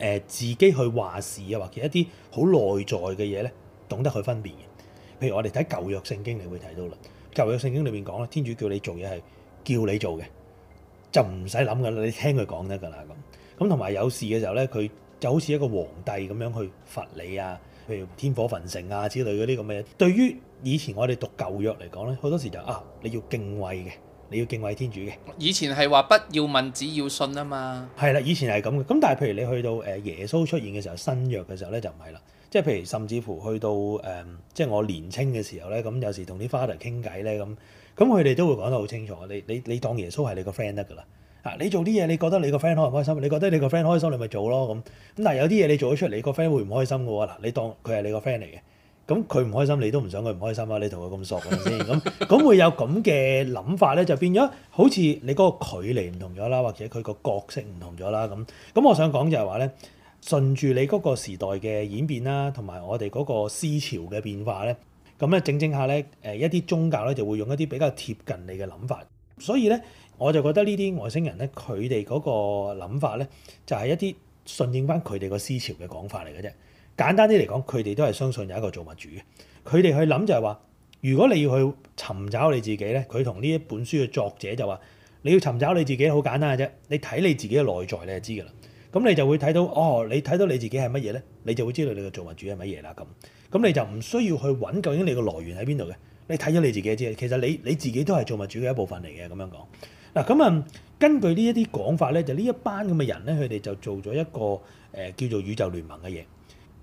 誒自己去話事啊，或者一啲好內在嘅嘢咧，懂得去分辨嘅。譬如我哋睇《舊約聖經》，你會睇到啦。舊約聖經裏邊講咧，天主叫你做嘢係叫你做嘅，就唔使諗噶啦，你聽佢講得噶啦咁。咁同埋有事嘅時候咧，佢就好似一個皇帝咁樣去罰你啊。譬如天火焚城啊之類嗰啲咁嘅嘢，對於以前我哋讀舊約嚟講咧，好多時就啊你要敬畏嘅，你要敬畏天主嘅。以前係話不要問，只要信啊嘛。係啦，以前係咁嘅。咁但係譬如你去到誒耶穌出現嘅時候，新約嘅時候咧就唔係啦。即係譬如甚至乎去到誒、嗯，即係我年青嘅時候咧，咁有時同啲 father 傾偈咧咁咁，佢哋都會講得好清楚。你你你當耶穌係你個 friend 得㗎啦。啊！你做啲嘢，你覺得你個 friend 開唔開心？你覺得你個 friend 開心，你咪做咯咁。咁但係有啲嘢你做咗出嚟，你個 friend 會唔開心嘅喎？嗱，你當佢係你個 friend 嚟嘅，咁佢唔開心，你都唔想佢唔開心啊！你同佢咁熟係咪先？咁咁會有咁嘅諗法咧，就變咗好似你嗰個距離唔同咗啦，或者佢個角色唔同咗啦咁。咁我想講就係話咧，順住你嗰個時代嘅演變啦，同埋我哋嗰個思潮嘅變化咧，咁咧整整下咧，誒一啲宗教咧就會用一啲比較貼近你嘅諗法，所以咧。我就覺得呢啲外星人咧，佢哋嗰個諗法咧，就係一啲順應翻佢哋個思潮嘅講法嚟嘅啫。簡單啲嚟講，佢哋都係相信有一個造物主嘅。佢哋去諗就係話，如果你要去尋找你自己咧，佢同呢一本書嘅作者就話，你要尋找你自己好簡單嘅啫。你睇你自己嘅內在，你就知㗎啦。咁你就會睇到，哦，你睇到你自己係乜嘢咧，你就會知道你嘅造物主係乜嘢啦。咁，咁你就唔需要去揾究竟你個來源喺邊度嘅。你睇咗你自己嘅知。其實你你自己都係造物主嘅一部分嚟嘅。咁樣講。嗱咁啊，根據呢一啲講法咧，就呢一班咁嘅人咧，佢哋就做咗一個誒、呃、叫做宇宙聯盟嘅嘢，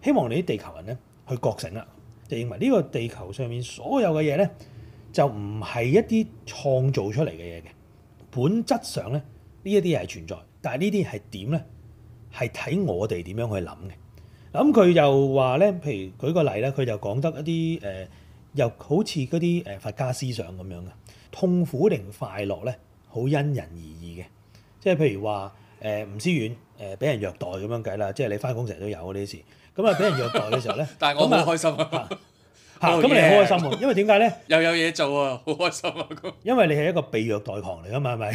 希望你啲地球人咧去覺醒啦，就認為呢個地球上面所有嘅嘢咧，就唔係一啲創造出嚟嘅嘢嘅。本質上咧呢一啲係存在，但係呢啲係點咧？係睇我哋點樣去諗嘅。咁、嗯、佢又話咧，譬如舉個例咧，佢就講得一啲誒、呃，又好似嗰啲誒佛家思想咁樣嘅，痛苦定快樂咧？好因人而異嘅，即係譬如話，誒、呃、吳思遠誒俾、呃、人虐待咁樣計啦，即係你翻工成日都有嗰、啊、啲事，咁啊俾人虐待嘅時候咧， 但係我好開心啊！嚇，咁你好開心喎，因為點解咧？又有嘢做啊，好、 啊、開心啊！因為你係一個被虐待狂嚟㗎嘛，係咪？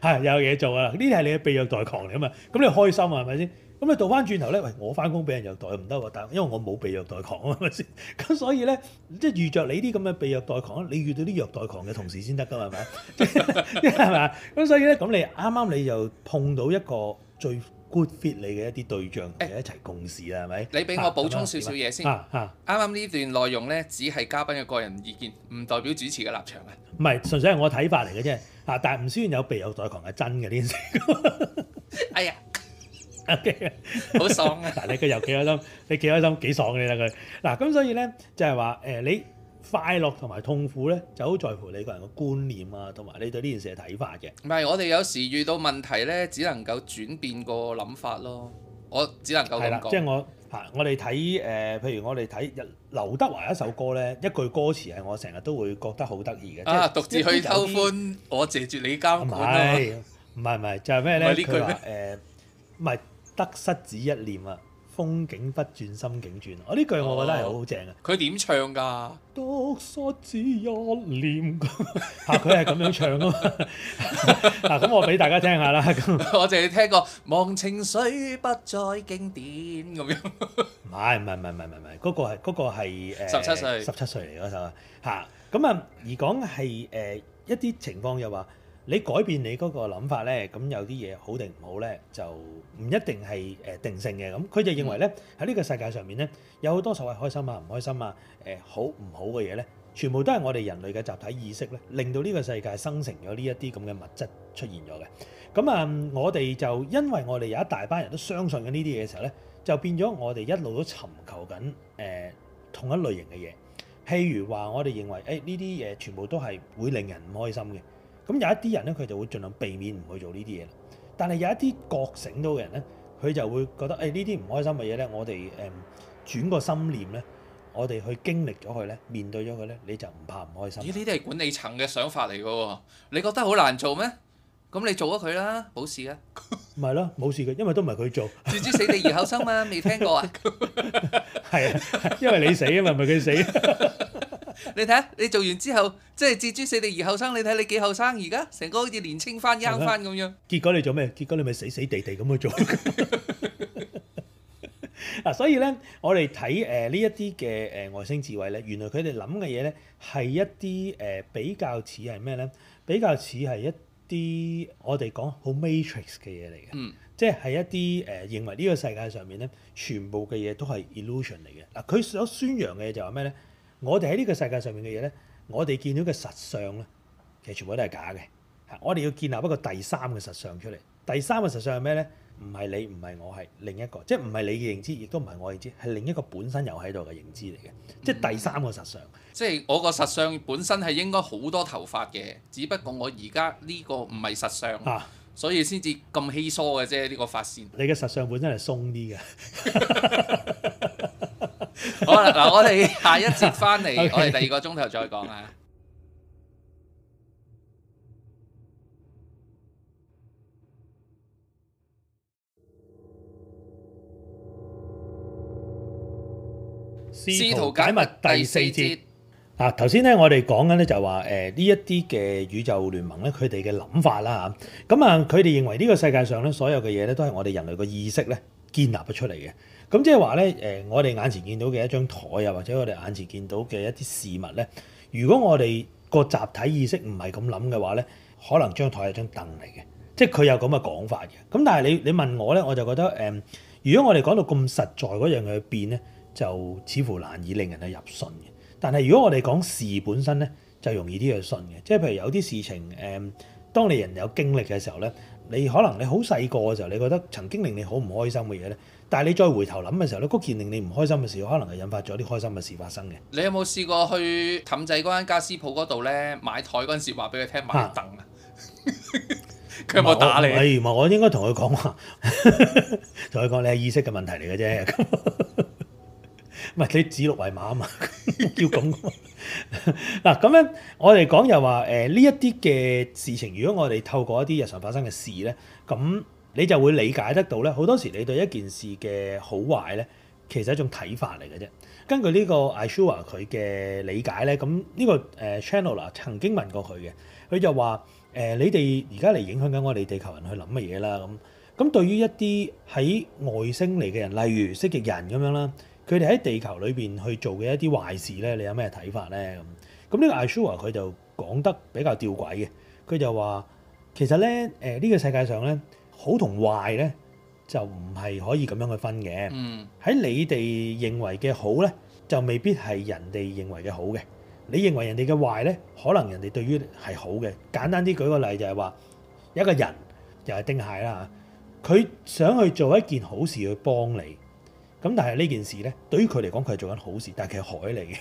係 有嘢做㗎、啊、啦，呢啲係你嘅被虐待狂嚟㗎嘛，咁你開心啊，係咪先？咁你倒翻轉頭咧，喂，我翻工俾人虐待唔得喎，但因為我冇被虐待狂啊，係咪先？咁所以咧，即係遇着你啲咁嘅被虐待狂你遇到啲虐待狂嘅同事先得㗎，係咪？即係咪？咁所以咧，咁你啱啱你就碰到一個最 good fit 你嘅一啲對象、欸、一齊共事啦，係咪？你俾我補充少少嘢先啊！啱啱呢段內容咧，只係嘉賓嘅個人意見，唔代表主持嘅立場啊。唔係，純粹係我睇法嚟嘅啫。嚇！但係唔需要有被虐待狂係真嘅呢件事。係啊。好爽啊！嗱 Okay. 你個又幾開心， 你幾開心，幾爽嘅啦佢。嗱，咁 所以咧，就係話誒，你快樂同埋痛苦咧，就好在乎你個人嘅觀念啊，同埋你對呢件事嘅睇法嘅。唔係，我哋有時遇到問題咧，只能夠轉變個諗法咯。我只能夠咁講。係啦，即係我嚇、啊，我哋睇誒，譬如我哋睇劉德華一首歌咧，一句歌詞係我成日都會覺得好得意嘅。即啊，獨自去偷歡，我謝住你監管唔係、啊，唔係、啊，就係咩咧？呢句話？誒、呃，唔、啊、係。啊得失只一念啊，風景不轉心境轉，我、哦、呢句我覺得係好正啊！佢點、哦、唱㗎？得失只一念，嚇佢係咁樣唱㗎嘛？嗱、 啊，咁我俾大家聽下啦。咁我淨係聽過忘情水不再經典咁樣。唔係唔係唔係唔係唔係，嗰、嗰個係嗰、嗰個係十七歲十七歲嚟嗰首嚇。咁啊，而講係誒一啲情況又話。你改變你嗰個諗法咧，咁有啲嘢好定唔好咧，就唔一定係誒定性嘅。咁佢就認為咧喺呢、嗯、個世界上面咧，有好多所謂開心啊、唔開心啊、誒、嗯、好唔好嘅嘢咧，全部都係我哋人類嘅集體意識咧，令到呢個世界生成咗呢一啲咁嘅物質出現咗嘅。咁啊，我哋就因為我哋有一大班人都相信緊呢啲嘢嘅時候咧，就變咗我哋一路都尋求緊誒、嗯、同一類型嘅嘢，譬如話我哋認為誒呢啲嘢全部都係會令人唔開心嘅。咁有一啲人咧，佢就會盡量避免唔去做呢啲嘢。但係有一啲覺醒到嘅人咧，佢就會覺得，誒呢啲唔開心嘅嘢咧，我哋誒轉個心念咧，我哋去經歷咗佢咧，面對咗佢咧，你就唔怕唔開心。咦？呢啲係管理層嘅想法嚟嘅喎，你覺得好難做咩？咁你做咗佢啦，冇事啊。咪囉，冇事嘅，因為都唔係佢做。置之死地而後生嘛，未聽過啊？係啊，因為你死啊嘛，唔係佢死。你睇下，你做完之後，即係置之死地而後生。你睇你幾後生，而家成個好似年青翻、young 翻咁樣。結果你做咩？結果你咪死死地地咁去做。嗱、 啊，所以咧，我哋睇誒呢一啲嘅誒外星智慧咧，原來佢哋諗嘅嘢咧，係一啲誒比較似係咩咧？比較似係一啲我哋講好 matrix 嘅嘢嚟嘅。嗯。即係一啲誒、呃、認為呢個世界上面咧，全部嘅嘢都係 illusion 嚟嘅。嗱、啊，佢所宣揚嘅嘢就係咩咧？我哋喺呢個世界上面嘅嘢呢，我哋見到嘅實相呢，其實全部都係假嘅。我哋要建立一個第三個實相出嚟。第三個實相係咩呢？唔係你，唔係我，係另一個，即係唔係你嘅認知，亦都唔係我嘅認知，係另一個本身又喺度嘅認知嚟嘅，即係第三個實相。即係、嗯就是、我個實相本身係應該好多頭髮嘅，只不過我而家呢個唔係實相，啊、所以先至咁稀疏嘅啫。呢、呢個髮線，你嘅實相本身係鬆啲嘅。 好啦，嗱，我哋下一節翻嚟，我哋第二個鐘頭再講啊。試圖解密第四節啊，頭先咧，我哋講緊咧就話誒呢一啲嘅宇宙聯盟咧，佢哋嘅諗法啦吓，咁啊，佢哋認為呢個世界上咧，所有嘅嘢咧，都係我哋人類個意識咧建立得出嚟嘅。咁即係話咧，誒，我哋眼前見到嘅一張台啊，或者我哋眼前見到嘅一啲事物咧，如果我哋個集體意識唔係咁諗嘅話咧，可能張台係張凳嚟嘅，即係佢有咁嘅講法嘅。咁但係你你問我咧，我就覺得誒、嗯，如果我哋講到咁實在嗰樣嘢去變咧，就似乎難以令人去入信嘅。但係如果我哋講事本身咧，就容易啲去信嘅。即係譬如有啲事情誒、嗯，當你人有經歷嘅時候咧，你可能你好細個嘅時候，你覺得曾經令你好唔開心嘅嘢咧。但係你再回頭諗嘅時候，呢嗰件令你唔開心嘅事，可能係引發咗啲開心嘅事發生嘅。你有冇試過去氹仔嗰間家私鋪嗰度咧買台嗰陣時，話俾佢聽馬凳啊？佢 有冇打你？唔係，哎，我應該同佢講話，同佢講你係意識嘅問題嚟嘅啫。唔 係你指鹿為馬啊嘛？ 叫咁嗱咁樣， 我哋講又話誒，呢一啲嘅事情，如果我哋透過一啲日常發生嘅事咧，咁。你就會理解得到咧。好多時，你對一件事嘅好壞咧，其實係一種睇法嚟嘅啫。根據呢個 Ishuwa 佢嘅理解咧，咁呢個誒 channel 啦，曾經問過佢嘅，佢就話誒、呃、你哋而家嚟影響緊我哋地球人去諗乜嘢啦。咁咁對於一啲喺外星嚟嘅人，例如蜥蜴人咁樣啦，佢哋喺地球裏邊去做嘅一啲壞事咧，你有咩睇法咧？咁咁呢個 Ishuwa 佢就講得比較吊詭嘅。佢就話其實咧誒呢、呃呢個世界上咧。好同壞咧，就唔係可以咁樣去分嘅。喺、嗯、你哋認為嘅好咧，就未必係人哋認為嘅好嘅。你認為人哋嘅壞咧，可能人哋對於係好嘅。簡單啲舉個例就，就係話一個人又係丁蟹啦，佢想去做一件好事去幫你，咁但係呢件事咧，對於佢嚟講佢係做緊好事，但係佢係害嚟嘅。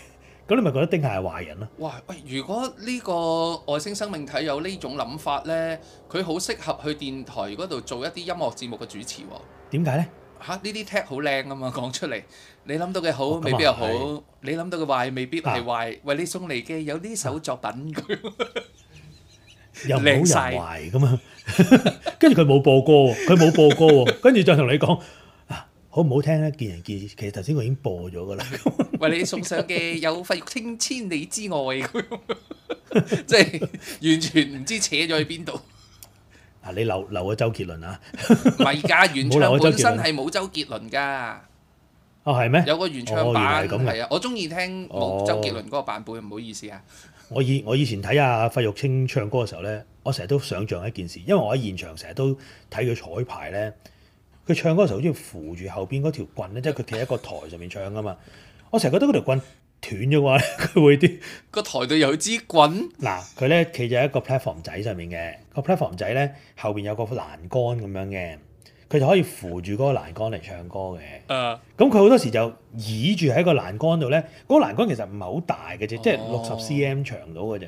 咁你咪覺得丁毅係壞人咯？哇！喂，如果呢個外星生命體有呢種諗法咧，佢好適合去電台嗰度做一啲音樂節目嘅主持喎？點解咧？嚇，呢啲聽好靚啊嘛，講出嚟，你諗到嘅好未必又好，你諗到嘅壞未必係壞。喂，你送嚟嘅有呢首作品咁，又好又壞咁啊！跟住佢冇播歌，佢冇播歌，跟住再同你講。好唔好聽咧？見仁見智。其實頭先我已經播咗噶啦。為你送上嘅有費玉清，千里之外，即係完全唔知扯咗去邊度。嗱，你留留個周杰倫啊 ？唔係而家原唱本身係冇周杰倫㗎。啊，係咩、哦？有個原唱版係啊、哦，我中意聽冇周杰倫嗰個版本，唔好意思啊、哦。我以我以前睇阿費玉清唱歌嘅時候咧，我成日都想象一件事，因為我喺現場成日都睇佢彩排咧。佢唱歌嘅時候，好似要扶住後邊嗰條棍咧，即係佢企喺一個台上面唱噶嘛。我成日覺得嗰條棍斷咗嘅話咧，佢 會斷。個台度有支棍。嗱，佢咧企咗喺一個 platform 仔上，上面嘅，個 platform 仔咧後邊有個欄杆咁樣嘅，佢就可以扶住嗰個欄杆嚟唱歌嘅。啊！咁佢好多時就倚住喺個欄杆度咧，嗰、嗰個欄杆其實唔係好大嘅啫，uh, 即係六十 cm 長到嘅啫。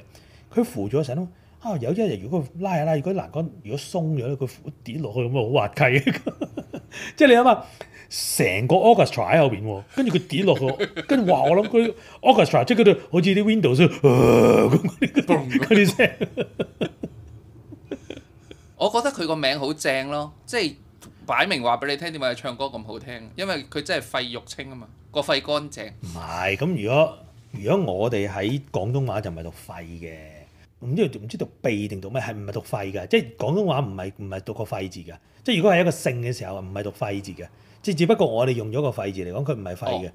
佢扶住咗一陣。啊！有一日如果佢拉下拉，如果欄杆如果鬆咗咧，佢跌落去咁 啊，好滑稽嘅。即係你諗下，成個 orchestra 喺後邊，跟住佢跌落去，跟住話我諗佢 orchestra，即係嗰度好似啲 windows 咁啲聲。 我覺得佢個名好正咯，即係擺明話俾你聽點解佢唱歌咁好聽，因為佢真係肺肉清啊嘛，個肺乾淨。唔係咁，如果如果我哋喺廣東話就唔係讀肺嘅。唔知唔知讀鼻定讀咩係唔係讀廢㗎？即係廣東話唔係唔係讀個廢字㗎。即係如果係一個姓嘅時候，唔係讀廢字嘅。即係只不過我哋用咗個廢字嚟講，佢唔係廢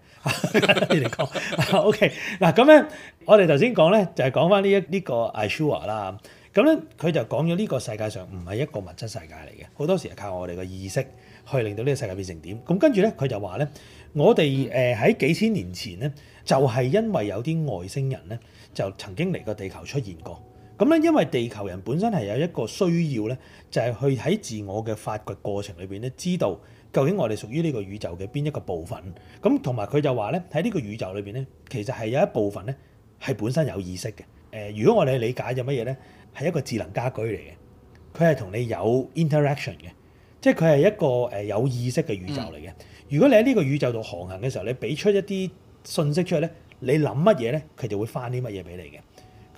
嘅嚟講。O K 嗱咁咧，我哋頭先講咧就係講翻呢一呢個 Ishuwa 啦。咁咧佢就講咗呢個世界上唔係一個物質世界嚟嘅，好多時係靠我哋嘅意識去令到呢個世界變成點。咁跟住咧，佢就話咧，我哋誒喺幾千年前咧，就係因為有啲外星人咧，就曾經嚟過地球出現過。咁咧，因為地球人本身係有一個需要咧，就係、是、去喺自我嘅發掘過程裏邊咧，知道究竟我哋屬於呢個宇宙嘅邊一個部分。咁同埋佢就話咧，喺呢個宇宙裏邊咧，其實係有一部分咧係本身有意識嘅。誒、呃，如果我哋理解就乜嘢咧，係一個智能家居嚟嘅，佢係同你有 interaction 嘅，即係佢係一個誒、呃、有意識嘅宇宙嚟嘅。嗯、如果你喺呢個宇宙度航行嘅時候，你俾出一啲信息出嚟咧，你諗乜嘢咧，佢就會返啲乜嘢俾你嘅。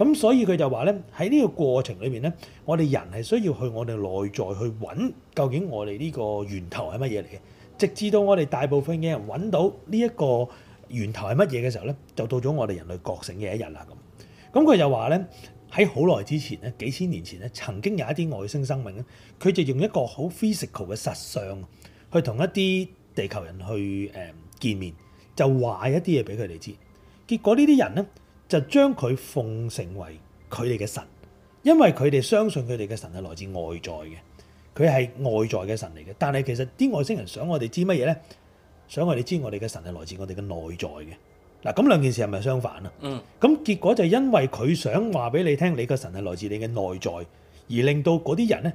咁所以佢就話咧，喺呢個過程裏面咧，我哋人係需要去我哋內在去揾究竟我哋呢個源頭係乜嘢嚟嘅。直至到我哋大部分嘅人揾到呢一個源頭係乜嘢嘅時候咧，就到咗我哋人類覺醒嘅一日啦咁。咁佢就話咧，喺好耐之前咧，幾千年前咧，曾經有一啲外星生命咧，佢就用一個好 physical 嘅實相去同一啲地球人去誒見面，就話一啲嘢俾佢哋知。結果呢啲人咧，就將佢奉成為佢哋嘅神，因為佢哋相信佢哋嘅神係來自外在嘅，佢係外在嘅神嚟嘅。但係其實啲外星人想我哋知乜嘢呢？想我哋知我哋嘅神係來自我哋嘅內在嘅。嗱，咁兩件事係咪相反啊？嗯。咁結果就係因為佢想話俾你聽，你嘅神係來自你嘅內在，而令到嗰啲人呢，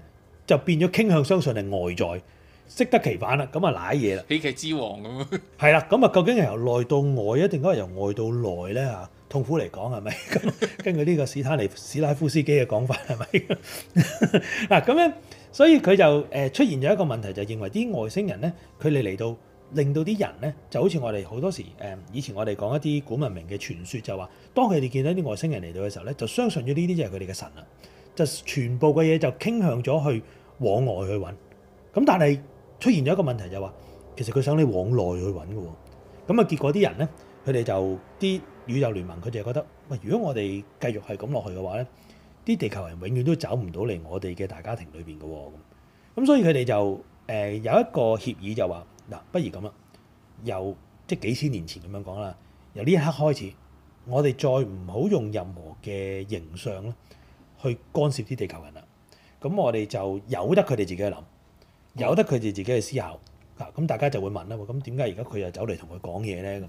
就變咗傾向相信係外在，適得其反啦。咁啊，瀨嘢啦，喜劇之王咁啊。係啦，咁啊，究竟係由內到外一定係由外到內呢？嚇？痛苦嚟講係咪咁？ 根據呢個史坦尼史拉夫斯基嘅講法係咪嗱咁樣？所以佢就誒、呃、出現咗一個問題，就是、認為啲外星人咧，佢哋嚟到令到啲人咧，就好似我哋好多時誒、嗯、以前我哋講一啲古文明嘅傳說，就話當佢哋見到啲外星人嚟到嘅時候咧，就相信咗呢啲就係佢哋嘅神啦，就全部嘅嘢就傾向咗去往外去揾，咁，但係出現咗一個問題就話、是、其實佢想你往內去揾嘅喎，咁啊結果啲人咧佢哋就啲。宇宙聯盟佢哋覺得喂，如果我哋繼續係咁落去嘅話咧，啲地球人永遠都走唔到嚟我哋嘅大家庭裏邊嘅咁咁，所以佢哋就誒有一個協議就話嗱，不如咁啦，由即係幾千年前咁樣講啦，由呢一刻開始，我哋再唔好用任何嘅形象咧去干涉啲地球人啦。咁我哋就由得佢哋自己去諗，由得佢哋自己去思考啊。咁大家就會問啦，咁點解而家佢又走嚟同佢講嘢咧？咁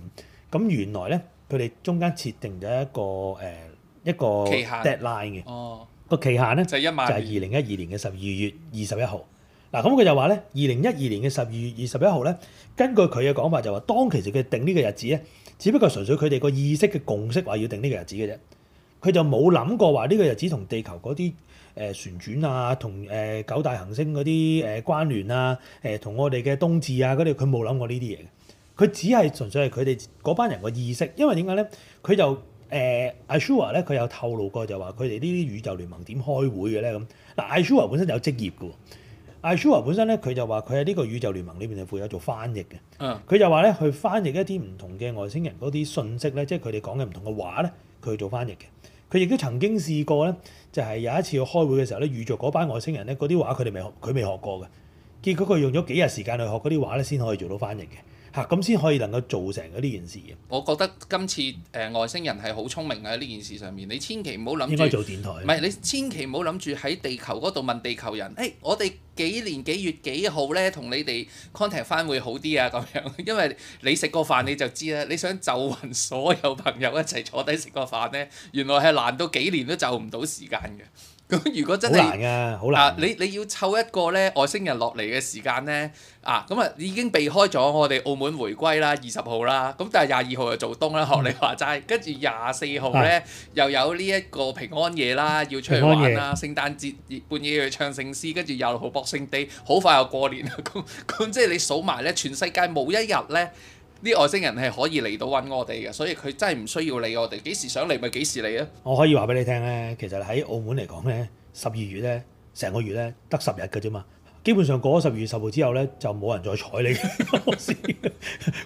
咁原來咧。佢哋中間設定咗一個誒、呃、一個 deadline 嘅，個期限咧、哦、就係一萬，就係二零一二年嘅十二月二十一號。嗱，咁佢就話咧，二零一二年嘅十二月二十一號咧，根據佢嘅講法就話，當其時佢定呢個日子咧，只不過純粹佢哋個意識嘅共識話要定呢個日子嘅啫。佢就冇諗過話呢個日子同地球嗰啲誒旋轉啊，同誒、呃、九大行星嗰啲誒關聯啊，誒、呃、同我哋嘅冬至啊嗰啲，佢冇諗過呢啲嘢。佢只係純粹係佢哋嗰班人嘅意識，因為點解咧？佢就誒，Ishuwa 咧，佢、呃、有透露過就話佢哋呢啲宇宙聯盟點開會嘅咧咁。嗱，Ishuwa、啊、本身有職業嘅喎，Ishuwa、啊、本身咧佢就話佢喺呢個宇宙聯盟裏邊係負責做翻譯嘅。佢、嗯、就話咧去翻譯一啲唔同嘅外星人嗰啲信息咧，即係佢哋講嘅唔同嘅話咧，佢做翻譯嘅。佢亦都曾經試過咧，就係、是、有一次去開會嘅時候咧，遇著嗰班外星人咧，嗰啲話佢哋未，佢未學過嘅，結果佢用咗幾日時間去學嗰啲話咧，先可以做到翻譯嘅。啊！咁先可以能夠做成呢件事嘅，我覺得今次誒、呃、外星人係好聰明喺呢件事上面，你千祈唔好諗住做電台，唔係你千祈唔好諗住喺地球嗰度問地球人，誒、欸、我哋幾年幾月幾號呢？同你哋 contact 翻會好啲啊咁樣，因為你食個飯你就知啦，你想就勻所有朋友一齊坐低食個飯呢，原來係難到幾年都就唔到時間嘅。咁 如果真係啊，難，好難 uh, 你你要湊一個咧外星人落嚟嘅時間呢？啊，咁、嗯、啊已經避開咗我哋澳門回歸啦，二十號啦，咁但係廿二號又做冬啦，學你話齋，跟住廿四號呢，哎、又有呢一個平安夜啦，要出去玩啦，聖誕節半夜要唱聖詩，跟住廿六號 Boxing Day，好快又過年啦，咁 咁、嗯、即係你數埋呢全世界冇一日呢。啲外星人係可以嚟到揾我哋嘅，所以佢真係唔需要理我哋，幾時想嚟咪幾時嚟啊！我可以話俾你聽咧，其實喺澳門嚟講咧，十二月咧，成個月咧得十日嘅啫嘛，基本上過咗十二月十號之後咧，就冇人再睬你，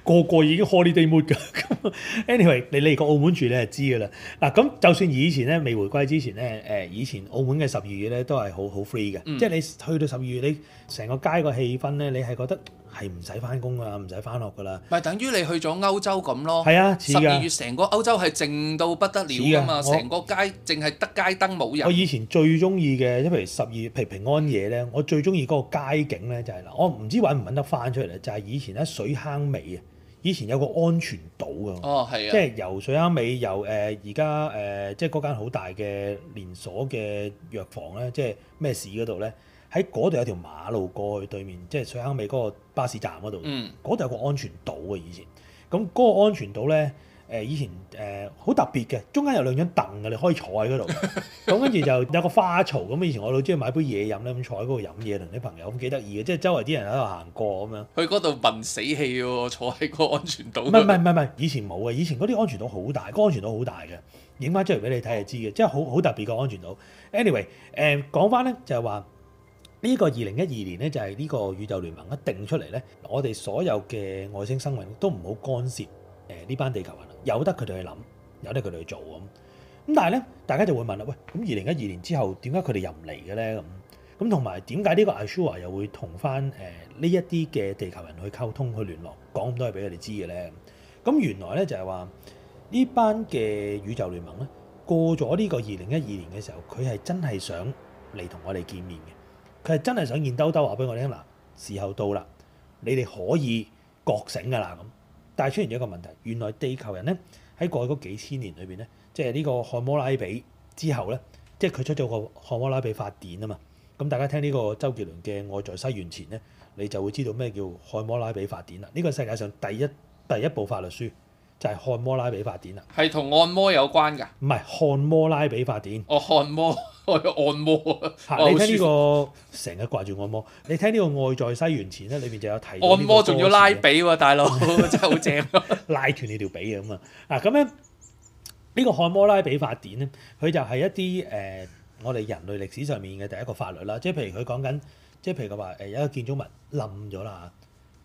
個個已經 holiday mode 㗎。Anyway，你嚟過澳門住你就知㗎啦。嗱，咁就算以前咧未回歸之前咧，誒以前澳門嘅十二月咧都係好好 free 嘅，即係你去到十二月你成個街個氣氛咧，你係覺得。係唔使翻工啊，唔使翻學噶啦。咪等於你去咗歐洲咁咯。係啊，十二月成個歐洲係靜到不得了噶嘛，成的個街淨係得街燈冇人。我以前最中意嘅，即係譬如十二月平平安夜咧，我最中意嗰個街景咧就係、是、啦。我唔知揾唔揾得翻出嚟咧，就係、是、以前喺水坑尾啊。以前有個安全島、哦、啊。哦，係啊。即係由水坑尾由誒而家誒，即係嗰間好大嘅連鎖嘅藥房咧，即係咩市嗰度咧？喺嗰度有條馬路過去對面，即係水坑尾嗰個巴士站嗰度，嗰度、嗯、有一個安全島啊、那個呃。以前。咁嗰個安全島咧，誒以前誒好特別嘅，中間有兩張凳啊，你可以坐喺嗰度。咁跟住就有個花槽，咁以前我老竇中意買杯嘢飲咧，咁坐喺嗰度飲嘢同啲朋友，咁幾得意嘅。即係周圍啲人喺度行過咁樣。去嗰度聞死氣喎，坐喺個安全島。唔係唔係唔係，以前冇嘅。以前嗰啲安全島好大，嗰個安全島好大嘅，影翻出嚟俾你睇就知嘅，哦、即係好好特別個安全島。Anyway，誒、呃、講翻咧就係話。呢個二零一二年呢，就係呢個宇宙聯盟一定出嚟呢。我哋所有嘅外星生命都唔好干涉誒呢班地球人，由得佢哋去諗，由得佢哋去做咁。咁但係呢，大家就會問啦，「喂，咁二零一二年之後點解佢哋又唔嚟嘅呢？」咁同埋點解呢個 Ishuwa 又會同返誒呢一啲嘅地球人去溝通、去聯絡，講咁多嘢俾佢哋知嘅呢。咁原來呢，就係話呢班嘅宇宙聯盟呢過咗呢個二零一二年嘅時候，佢係真係想嚟同我哋見面嘅。佢係真係想現兜兜話俾我聽嗱、啊，時候到啦，你哋可以覺醒㗎啦咁。但係出現咗一個問題，原來地球人咧喺過去嗰幾千年裏邊咧，即係呢個漢摩拉比之後咧，即係佢出咗個漢摩拉比法典啊嘛。咁、嗯、大家聽呢個周杰倫嘅《愛在西元前》咧，你就會知道咩叫漢摩拉比法典啦。呢、這個世界上第一第一部法律書。就係漢摩拉比法典啦，係同按摩有關㗎。唔係漢摩拉比法典。漢法典哦，漢摩、哎，按摩啊！哎、 你聽呢、這個成日、哦、掛住按摩，你聽呢個愛在西元前咧，裏邊就有提按摩，仲要拉髀喎、啊，大佬真係好正， 拉斷你條髀啊咁啊！嗱咁樣呢、這個漢摩拉比法典咧，佢就係一啲誒、呃、我哋人類歷史上面嘅第一個法律啦。即係譬如佢講緊，即係譬如佢話誒有一個建築物冧咗啦，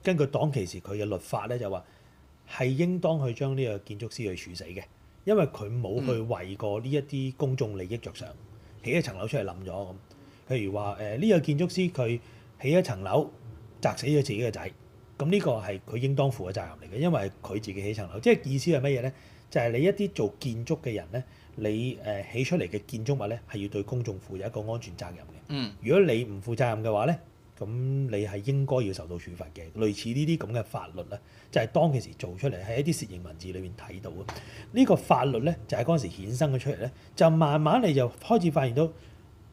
根據當其時佢嘅律法咧就話。係應當去將呢個建築師去處死嘅，因為佢冇去為過呢一啲公眾利益着想，起一層樓出嚟冧咗咁。譬如話誒，呢個建築師佢起一層樓砸死咗自己嘅仔，咁呢個係佢應當負嘅責任嚟嘅，因為佢自己起層樓。即係意思係乜嘢呢？就係你一啲做建築嘅人呢，你誒起出嚟嘅建築物呢，係要對公眾負有一個安全責任嘅。嗯，如果你唔負責任嘅話呢。咁你係應該要受到處罰嘅，類似呢啲咁嘅法律咧，就係當其時做出嚟，喺一啲楔形文字裏面睇到啊。呢個法律咧，就係嗰陣時衍生咗出嚟咧，就慢慢你就開始發現到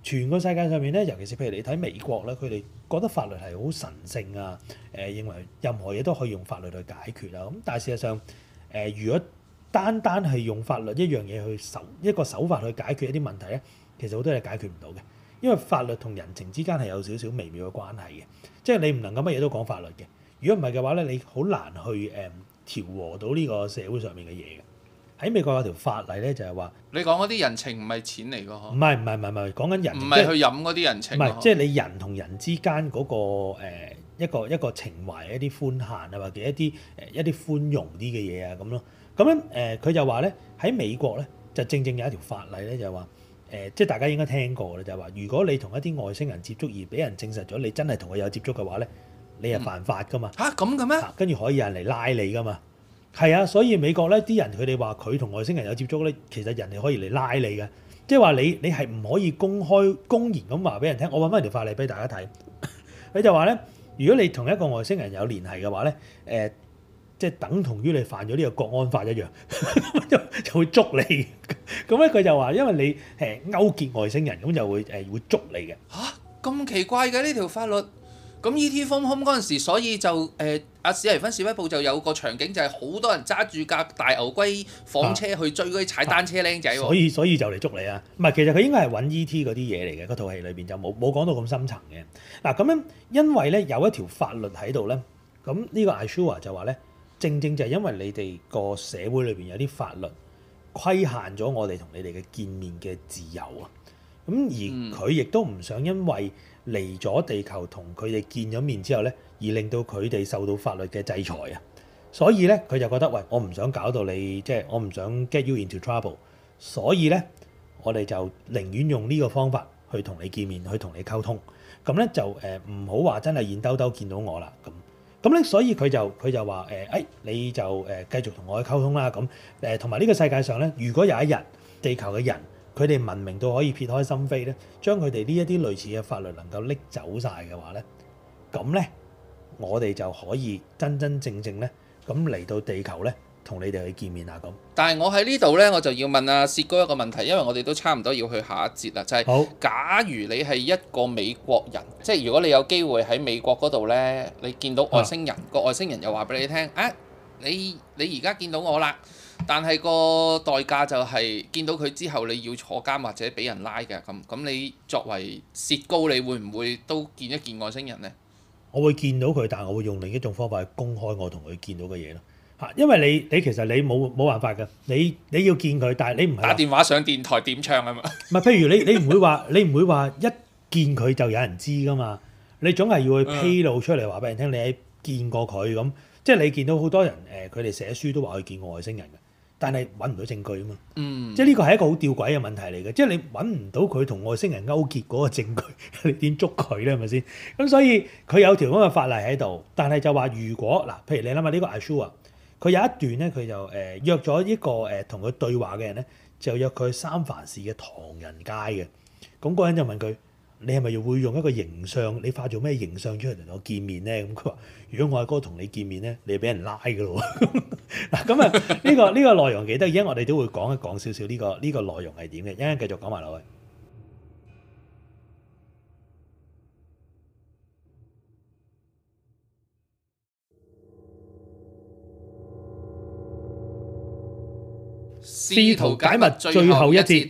全個世界上面咧，尤其是譬如你睇美國咧，佢哋覺得法律係好神聖啊，誒認為任何嘢都可以用法律去解決啊。咁但係事實上，誒如果單單係用法律一樣嘢去手一個手法去解決一啲問題咧，其實好多嘢解決唔到嘅。因為法律同人情之間係有少少微妙嘅關係嘅，即係你唔能夠乜嘢都講法律嘅。如果唔係嘅話咧，你好難去誒調和到呢個社會上面嘅嘢嘅。喺美國有條法例咧，就係話你講嗰啲人情唔係錢嚟㗎，唔係唔係唔係唔係講緊人，唔係去飲嗰啲人情，唔係即係你人同人之間嗰個誒一個一個情懷、一啲寬限啊，或者一啲誒一啲寬容啲嘅嘢啊咁咯。咁咧誒佢就話咧喺美國咧就正正有一條法例咧就係話。誒，即係大家應該聽過啦，就係話如果你同一啲外星人接觸而俾人證實咗你真係同佢有接觸嘅話咧，你係犯法噶嘛吓？咁嘅咩樣跟住可以人嚟拉你噶嘛，係啊，所以美國咧啲人佢哋話佢同外星人有接觸咧，其實人哋可以嚟拉你嘅，即係話你你係唔可以公開公然咁話俾人聽。我揾翻條法例俾大家睇，佢就話咧，如果你同一個外星人有聯繫嘅話咧，誒、呃。即係等同於你犯咗呢個國安法一樣，就 就會捉你。咁咧，佢就話，因為你誒勾結外星人，咁就會誒會捉你嘅。嚇咁、啊、奇怪嘅呢條法律？咁 E.T. Phone Home 嗰時，所以就誒阿史提芬史威布就有個場景，就係好多人揸住架大牛龜房車去追嗰啲踩單車靚仔喎。所以所以就嚟捉你啊！唔係，其實佢應該係揾 E.T. 嗰啲嘢嚟嘅，嗰套戲裏邊就冇冇講到咁深層嘅。嗱咁樣，因為咧有一條法律喺度咧，咁、sure、呢個 Ishuwa 就話咧。正正就係因為你哋個社會裏邊有啲法律規限咗我哋同你哋嘅見面嘅自由啊，咁而佢亦都唔想因為嚟咗地球同佢哋見咗面之後呢，而令到佢哋受到法律嘅制裁啊，所以呢，佢就覺得喂，我唔想搞到你，即係我唔想 get you into trouble，所以呢，我哋就寧願用呢個方法去同你見面，去同你溝通，咁呢，就誒唔好話真係現兜兜見到我啦咁。咁咧，所以佢就佢就話誒，哎，你就誒繼續同我去溝通啦。咁誒，同埋呢個世界上咧，如果有一日地球嘅人佢哋文明到可以撇開心扉咧，將佢哋呢一啲類似嘅法律能夠拎走晒嘅話咧，咁咧我哋就可以真真正正咧咁嚟到地球咧。同你哋去見面啊！咁，但係我喺呢度呢，我就要問阿、啊、薛高一個問題，因為我哋都差唔多要去下一節啦。就係、是，好假如你係一個美國人，即係如果你有機會喺美國嗰度呢，你見到外星人，個、啊、外星人又話俾你聽，啊，你你而家見到我啦，但係個代價就係見到佢之後，你要坐監或者俾人拉嘅。咁咁，你作為薛高，你會唔會都見一見外星人呢？我會見到佢，但係我會用另一種方法去公開我同佢見到嘅嘢咯。嚇，因為你你其實你冇冇辦法嘅，你你要見佢，但係你唔係打電話上電台點唱啊嘛？唔係，譬如你你唔會話你唔會話一見佢就有人知噶嘛？你總係要去披露出嚟話俾人聽，你係見過佢咁。嗯、即係你見到好多人誒，佢哋寫書都話佢見過外星人嘅，但係揾唔到證據啊嘛。嗯。即係呢個係一個好吊詭嘅問題嚟嘅，即係你揾唔到佢同外星人勾結嗰個證據，你點捉佢咧？係咪先？咁所以佢有條咁嘅法例喺度，但係就話如果嗱，譬如你諗下呢個 Ishuwa 佢有一段咧，佢就誒、呃、約咗一個誒同佢對話嘅人咧，就約佢去三藩市嘅唐人街嘅。咁、嗯、嗰人就問佢：你係咪會用一個形象？你化做咩形象出嚟同我見面咧？咁佢話：如果我阿哥同你見面咧，你俾人拉㗎咯。嗱， 咁、這、啊、個，呢、這個呢個內容幾得意，而家我哋都會講一講少少呢個呢、這個內容係點嘅。一陣繼續講埋落去。試圖解密最後一節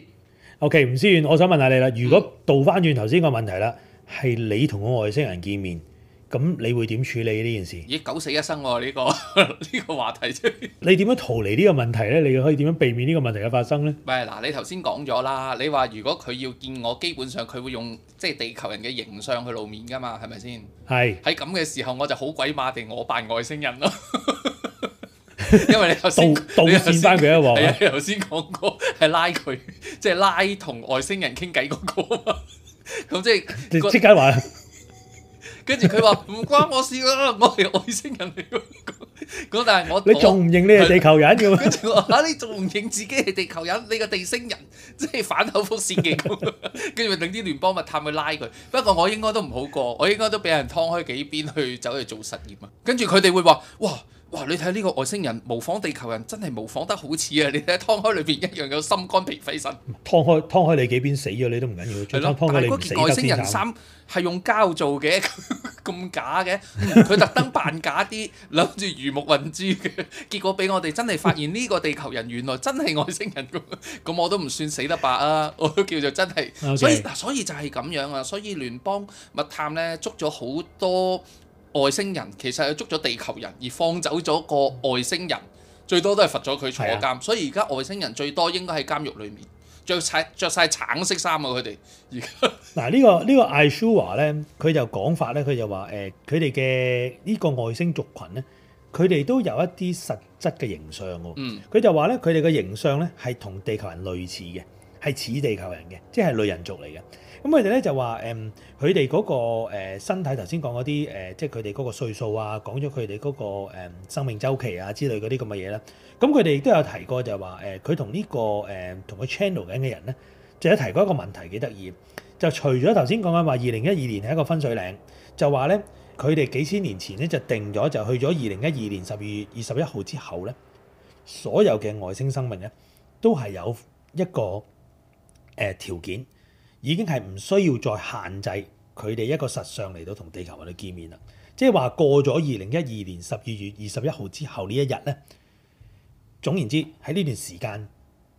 ，OK，吳思遠，我想問下你啦。如果倒翻轉頭先個問題啦，係你同個外星人見面，咁你會點處理呢件事？咦，九死一生喎呢個呢個話題啫。你點樣逃離呢個問題呢？你可以點樣避免呢個問題嘅發生呢？喂，嗱，你頭先講咗啦，你話如果佢要見我，基本上佢會用即係地球人嘅形象去露面噶嘛，係咪先？係。喺咁嘅時候，我就好鬼馬地，我扮外星人咯。因為你頭先， 你頭先翻佢啊，話係啊，頭先講過係拉佢，即係拉同外星人傾偈嗰個咁、 嗯、即係即刻話， 跟住佢話唔關我事啦，我係外星人嚟嗰個咁，但係我你仲唔認你係地球人 跟住我話、啊、你仲唔認自己係地球人？你個地星人即係反口覆線嘅咁。 跟住咪整啲聯邦密探去拉佢。不過我應該都唔好過，我應該都俾人劏開幾邊去走去，去做實驗啊。跟住佢哋會話哇。哇哇哇哇哇！你睇呢個外星人模仿地球人，真係模仿得好似啊！你睇劏開裏邊一樣有心肝脾肺腎。劏開劏開你幾邊死咗你都唔緊要，吧你但係嗰件外星人衫係 用膠做嘅，咁 假嘅，佢特登扮假啲，諗住魚目混珠嘅，結果俾我哋真係發現呢個地球人原來真係外星人咁，咁 我都唔算死得白啊！我都叫做真係。Okay. 所以嗱，所以就係咁樣啊！所以聯邦物探呢，捉咗好多。外星人其實係捉咗地球人，而放走咗個外星人，最多都係罰咗佢坐監。的所以而家外星人最多應該喺監獄裡面，着晒著曬橙色衫啊！佢哋而家。嗱、這個這個、呢個呢個艾舒華咧，佢就講法咧，佢就話誒，佢哋嘅呢個外星族群咧，佢哋都有一啲實質嘅形象喎。嗯，佢就話咧，佢哋嘅形象咧係同地球人類似嘅，係似地球人嘅，即係類人族嚟嘅。咁佢哋咧就話誒，佢哋嗰個誒身體頭先講嗰啲誒，即係佢哋嗰個歲數啊，講咗佢哋嗰個生命周期啊之類嗰啲咁嘅嘢啦。咁佢哋亦都有提過就，就話誒，佢同呢個誒同個 channel 緊嘅人咧，就有提過一個問題幾得意。就除咗頭先講緊話二零一二年係一個分水嶺，就話咧佢哋幾千年前咧就定咗，就去咗二零一二年十二月二十一號之後咧，所有嘅外星生命咧都係有一個誒、呃、條件。已經係唔需要再限制佢哋一個實相嚟到同地球嚟到見面啦。即係話過咗二零一二年十二月二十一號之後一呢一日咧，總言之喺呢段時間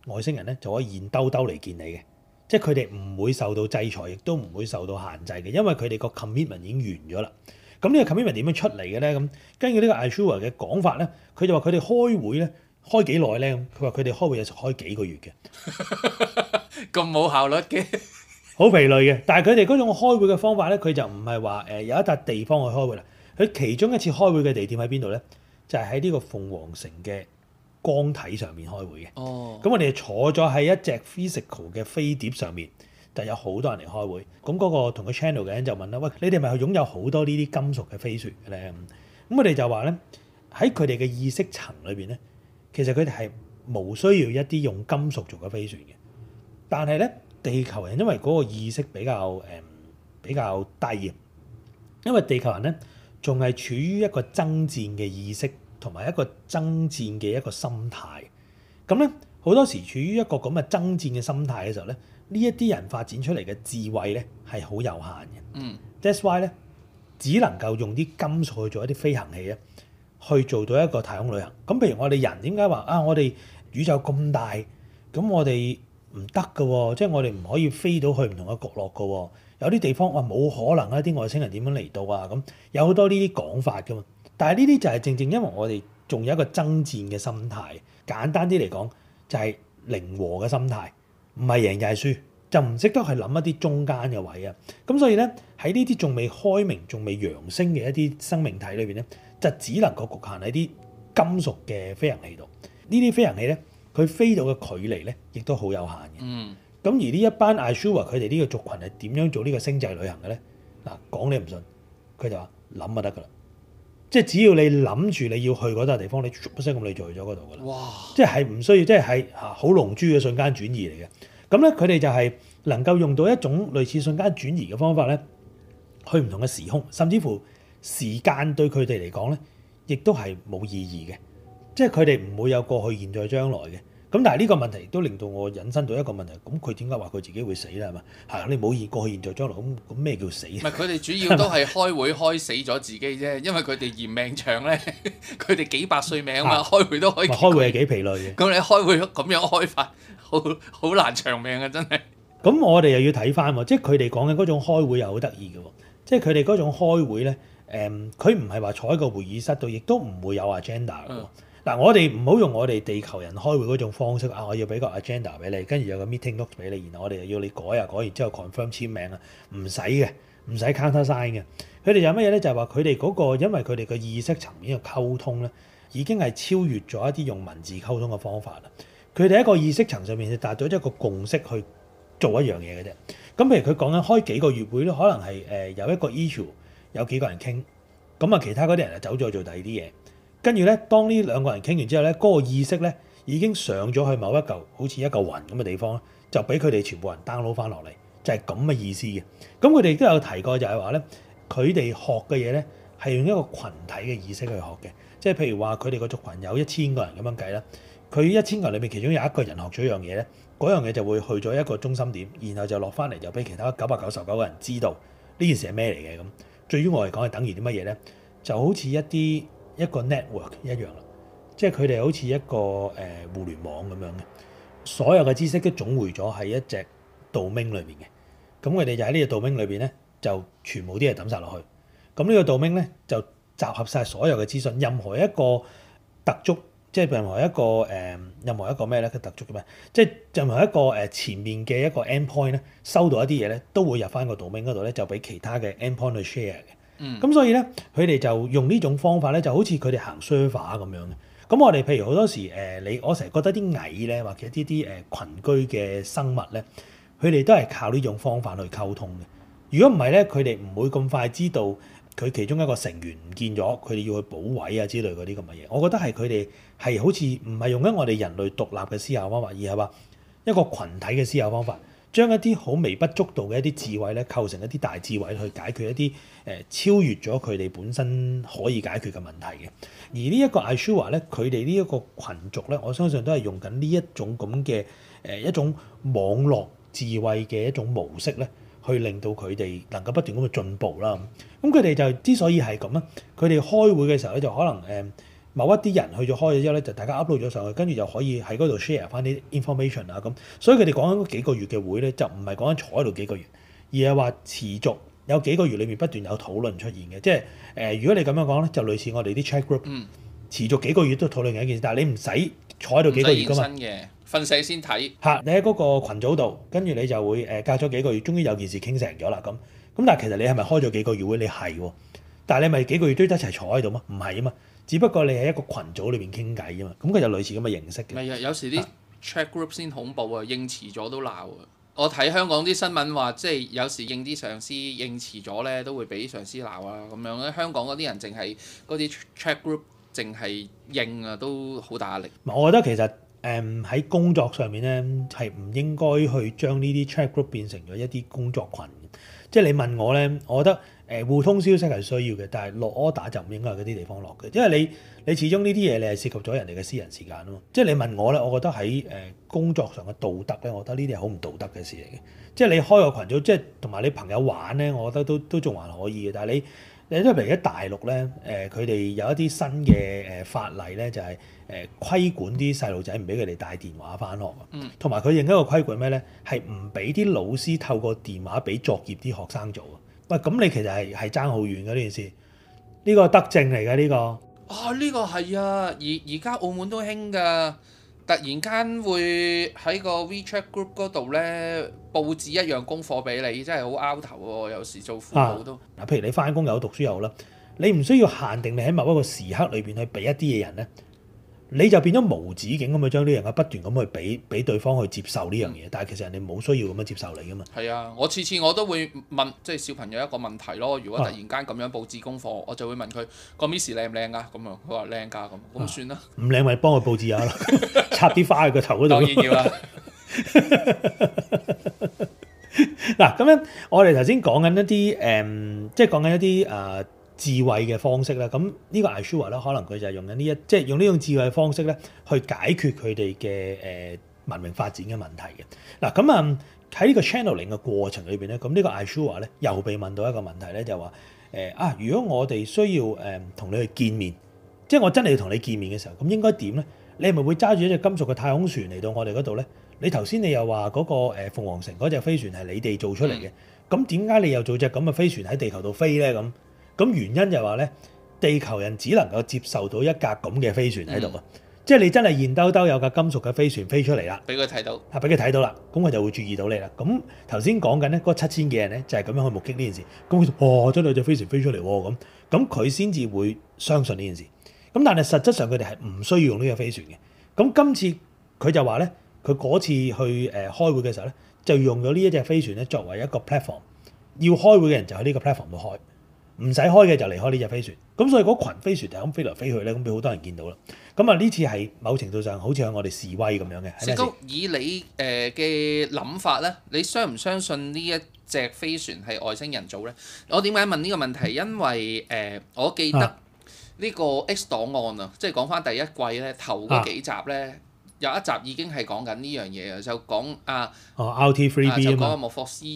外星人咧就可以現兜兜嚟見你嘅。即係佢哋唔會受到制裁，亦都唔會受到限制嘅，因為佢哋個 commitment 已經完咗啦。咁呢個 commitment 點樣出嚟嘅咧？咁根據個呢個 Ishuwa 嘅講法咧，佢就話佢哋開會咧開幾耐咧？佢話佢哋開會就開幾個月嘅，咁冇 效率嘅。好疲累嘅，但係佢哋嗰種開會嘅方法咧，佢就唔係話誒有一笪地方去開會啦。佢其中一次開會嘅地點喺邊度咧，就係喺呢個鳳凰城嘅光體上面開會嘅。哦，咁我哋坐咗喺一隻 physical 嘅飛碟上面，就有好多人嚟開會。咁嗰個同個 channel 嘅人就問啦：，喂，你哋咪擁有好多呢啲金屬嘅飛船嘅咧？咁我哋就話咧，喺佢哋嘅意識層裏邊咧，其實佢哋係無需要一啲用金屬做嘅飛船嘅。但係咧。地球人因為嗰個意識比較誒比較低嘅，因為地球人咧仲係處於一個爭戰嘅意識同埋一個爭戰嘅一個心態，咁咧好多時處於一個咁嘅爭戰嘅心態嘅時候咧，呢一啲人發展出嚟嘅智慧咧係好有限嘅。嗯，That's why 咧，只能夠用啲金屬去做一啲飛行器啊，去做到一個太空旅行。咁譬如我哋人點解話啊？我哋宇宙咁大，咁我哋。唔得噶，即係我哋唔可以飛到去唔同嘅角落噶。有啲地方我冇可能一啲外星人點樣嚟到啊？咁有好多呢啲講法噶嘛。但係呢啲就係正正因為我哋仲有一個爭戰嘅心態，簡單啲嚟講就係零和嘅心態，唔係贏就係輸，就唔識得去諗一啲中間嘅位啊。咁所以咧，喺呢啲仲未開明、仲未揚升嘅一啲生命體裏邊咧，就只能夠侷限喺啲金屬嘅飛行器度。呢啲飛行器咧。佢飛到嘅距離咧，亦都好有限嘅。嗯，咁而呢一班 Ishuwa 佢哋呢個族群係點樣做呢個星際旅行嘅咧？嗱，講你唔信，佢就話諗就得噶啦。即係只要你諗住你要去嗰笪地方，你唰一聲咁你就去咗嗰度噶啦。哇！即係唔需要，即係係嚇好龍珠嘅瞬間轉移嚟嘅。咁咧，佢哋就係能夠用到一種類似瞬間轉移嘅方法咧，去唔同嘅時空，甚至乎時間對佢哋嚟講咧，亦都係冇意義嘅。即係佢哋唔會有過去、現在、將來嘅。咁但係呢個問題亦都令到我引申到一個問題，咁佢點解話佢自己會死咧？係嘛嚇？你冇過去、現在、將來，咁咁咩叫死？唔係佢哋主要都係開會開死咗自己啫，因為佢哋嫌命長咧，佢哋幾百歲命啊嘛，啊開會都可以。開會係幾疲累嘅。咁你開會咁樣開法，好好難長命啊！真係。咁我哋又要睇翻喎，即係佢哋講嘅嗰種開會又好得意嘅喎，即係佢哋嗰種開會咧，誒、嗯，佢唔係話坐喺個會議室度，亦都唔會有 agenda 㗎。嗱，但我哋唔好用我哋地球人開會嗰種方式啊！我要俾個 agenda 俾你，跟住有個 meeting note 俾你，然後我哋又要你改啊，改完之後 confirm 簽名啊，唔使嘅，唔使 counter sign 嘅。佢哋有乜嘢咧？就係話佢哋嗰個，因為佢哋個意識層面嘅溝通咧，已經係超越咗一啲用文字溝通嘅方法啦。佢哋一個意識層上面就達到一個共識去做一樣嘢嘅啫。咁譬如佢講緊開幾個月會咧，可能係誒有一個 issue 有幾個人傾，咁啊其他嗰啲人就走咗做第二啲嘢。跟住咧，當呢兩個人傾完之後咧，嗰個意識咧已經上咗去某一嚿好似一嚿雲咁嘅地方咧，就俾佢哋全部人 download 翻落嚟，就係咁嘅意思嘅。咁佢哋都有提過就，就係話咧，佢哋學嘅嘢咧係用一個群體嘅意識去學嘅，即係譬如話佢哋個族群有一千個人咁樣計啦，佢一千個人裏面其中有一個人學咗一樣嘢咧，嗰樣嘢就會去咗一個中心點，然後就落翻嚟，就俾其他九百九十九個人知道呢件事係咩嚟嘅。咁對於我嚟講係等於啲乜嘢咧？就好似一啲。一個 network 一樣啦，即係佢哋好似一個誒互聯網咁樣嘅，所有嘅知識都總匯咗喺一隻 domain 裏邊嘅，咁佢哋就喺呢個 domain 裏邊咧，就全部啲嘢抌曬落去，咁呢個 domain 咧就集合曬所有嘅資訊，任何一個突觸，即係任何一個誒，任何一個咩咧佢突觸嘅咩，即係任何一個誒前面嘅一個 endpoint 咧，收到一啲嘢咧，都會入翻個 domain 嗰度咧，就俾其他嘅 endpoint 去 share 嘅。嗯，咁所以咧，佢哋就用呢種方法咧，就好似佢哋行 server 咁樣嘅。咁我哋譬如好多時誒，你、呃、我成日覺得啲蟻咧，或者啲啲誒群居嘅生物咧，佢哋都係靠呢種方法去溝通嘅。如果唔係咧，佢哋唔會咁快知道佢其中一個成員唔見咗，佢哋要去補位啊之類嗰啲咁嘅嘢。我覺得係佢哋係好似唔係用緊我哋人類獨立嘅思考方法，而係話一個群體嘅思考方法。將一啲好微不足道嘅一啲智慧咧，構成一啲大智慧去解決一啲誒超越咗佢哋本身可以解決嘅問題嘅。而呢一個 Ishuwa 咧，佢哋呢一個群族咧，我相信都係用緊呢一種咁嘅誒一種網絡智慧嘅一種模式咧，去令到佢哋能夠不斷咁去進步啦。咁佢哋就之所以係咁啊，佢哋開會嘅時候咧，就可能誒。某一啲人去咗開咗之後咧，就大家 upload 咗上去，跟住就可以喺嗰度 share 翻啲 information 啊咁。所以佢哋講緊幾個月嘅會咧，就唔係講緊坐喺度幾個月，而係話持續有幾個月裏面不斷有討論出現嘅。即係誒、呃，如果你咁樣講咧，就類似我哋啲 chat group、嗯、持續幾個月都討論緊一件事，但係你唔使坐喺度幾個月噶嘛。唔使現身嘅，瞓醒先睇。嚇、啊！你喺嗰個群組度，跟住你就會誒隔咗幾個月，終於有件事傾成咗啦。咁咁，但係其實你係咪開咗幾個月會？你係喎、哦，但係你咪幾個月都一齊坐喺度嘛？唔係啊嘛。只不過你喺一個群組裏邊傾偈啫嘛，咁佢就類似咁嘅形式嘅。係啊，有時啲 chat group 先恐怖啊，應遲咗都鬧啊！我睇香港啲新聞話，即係有時應啲上司應遲咗咧，都會俾上司鬧啊咁樣咧、啊。香港嗰啲人淨係嗰啲 chat group 淨係應啊，都好大壓力。我覺得其實誒喺、嗯、工作上面咧，係唔應該去將呢啲 chat group 變成咗一啲工作群。即係你問我咧，我覺得。誒互通消息係需要嘅，但係落 order 就唔應該喺嗰啲地方落嘅，因為你你始終呢啲嘢你係涉及咗人哋嘅私人時間啊嘛，即係你問我咧，我覺得喺誒工作上嘅道德咧，我覺得呢啲係好唔道德嘅事嚟嘅。即係你開個群組，即係同埋你朋友玩咧，我覺得都都仲還可以嘅。但係你你即係譬如喺大陸咧，誒佢哋有一啲新嘅誒、呃、法例咧，就係誒規管啲細路仔唔俾佢哋帶電話翻學，同埋佢認一個規矩咩咧，係唔俾啲老師透過電話俾作業啲學生做。喂，咁你其實係係爭好遠嘅呢件事，呢、這個德政嚟嘅呢個。啊，呢、這個係啊，而而家澳門都興噶，突然間會喺個 WeChat group 嗰度咧佈置一樣功課俾你，真係好 out 頭喎！有時做父母都。嗱、啊，譬如你翻工有，讀書又好啦，你唔需要限定你喺某一個時刻裏邊去俾一啲嘢人咧。你就變咗無止境咁去將啲嘢不斷咁去俾俾對方去接受呢樣嘢，嗯、但係其實人哋冇需要咁樣接受你噶嘛。係啊，我次次我都會問，即係小朋友一個問題咯。如果突然間咁樣佈置功課，我就會問佢個 Miss 靚唔靚啊？咁樣佢話靚㗎，咁咁、啊啊、算啦。唔靚咪幫佢佈置下啦， 插啲花喺個頭嗰度。當然要啦、啊。嗱， 咁樣我哋頭先講緊一啲誒，即係講緊一啲誒。嗯智慧嘅方式咧，咁呢個 Ishuwa 咧，可能佢就係用緊呢一，即、就、係、是、用呢種智慧嘅方式咧，去解決佢哋嘅誒文明發展嘅問題嘅。嗱咁啊，喺、嗯、呢個 channeling 嘅過程裏邊咧，咁呢個 Ishuwa 咧，又被問到一個問題咧，就話誒、呃、啊，如果我哋需要誒同、呃、你去見面，即係我真係要同你見面嘅時候，咁應該點咧？你係咪會揸住一隻金屬嘅太空船嚟到我哋嗰度咧？你頭先你又話嗰個誒鳳凰城嗰隻飛船係你哋做出嚟嘅，咁點解你又做隻咁嘅飛船喺地球度飛咧？咁、嗯？咁原因就話咧，地球人只能夠接受到一架咁嘅飛船喺度啊！嗯、即係你真係現兜兜有架金屬嘅飛船飛出嚟啦，俾佢睇到，啊俾佢睇到啦，咁佢就會注意到你啦。咁頭先講緊咧嗰七千幾人咧，就係咁樣去目擊呢件事。咁佢就「哇，真有隻飛船飛出嚟喎」！咁咁佢先至會相信呢件事。咁但係實質上佢哋係唔需要用呢個飛船嘅。咁今次佢就話咧，佢嗰次去誒開會嘅時候咧，就用咗呢一隻飛船咧作為一個 platform，要開會嘅人就喺呢個 platform 度開。唔使開嘅就離開呢隻飛船，咁所以嗰羣飛船就咁飛嚟飛去咧，咁俾好多人見到啦。咁啊呢次係某程度上好似向我哋示威咁樣嘅。如果以你誒嘅諗法咧，你相唔相信呢一隻飛船係外星人造咧？我點解問呢個問題？因為誒，我記得呢個 X 檔案啊，即係講翻第一季咧頭嗰幾集咧，有一集已經係講緊呢樣嘢啊，就講啊哦，R T three B 啊，講阿莫霍斯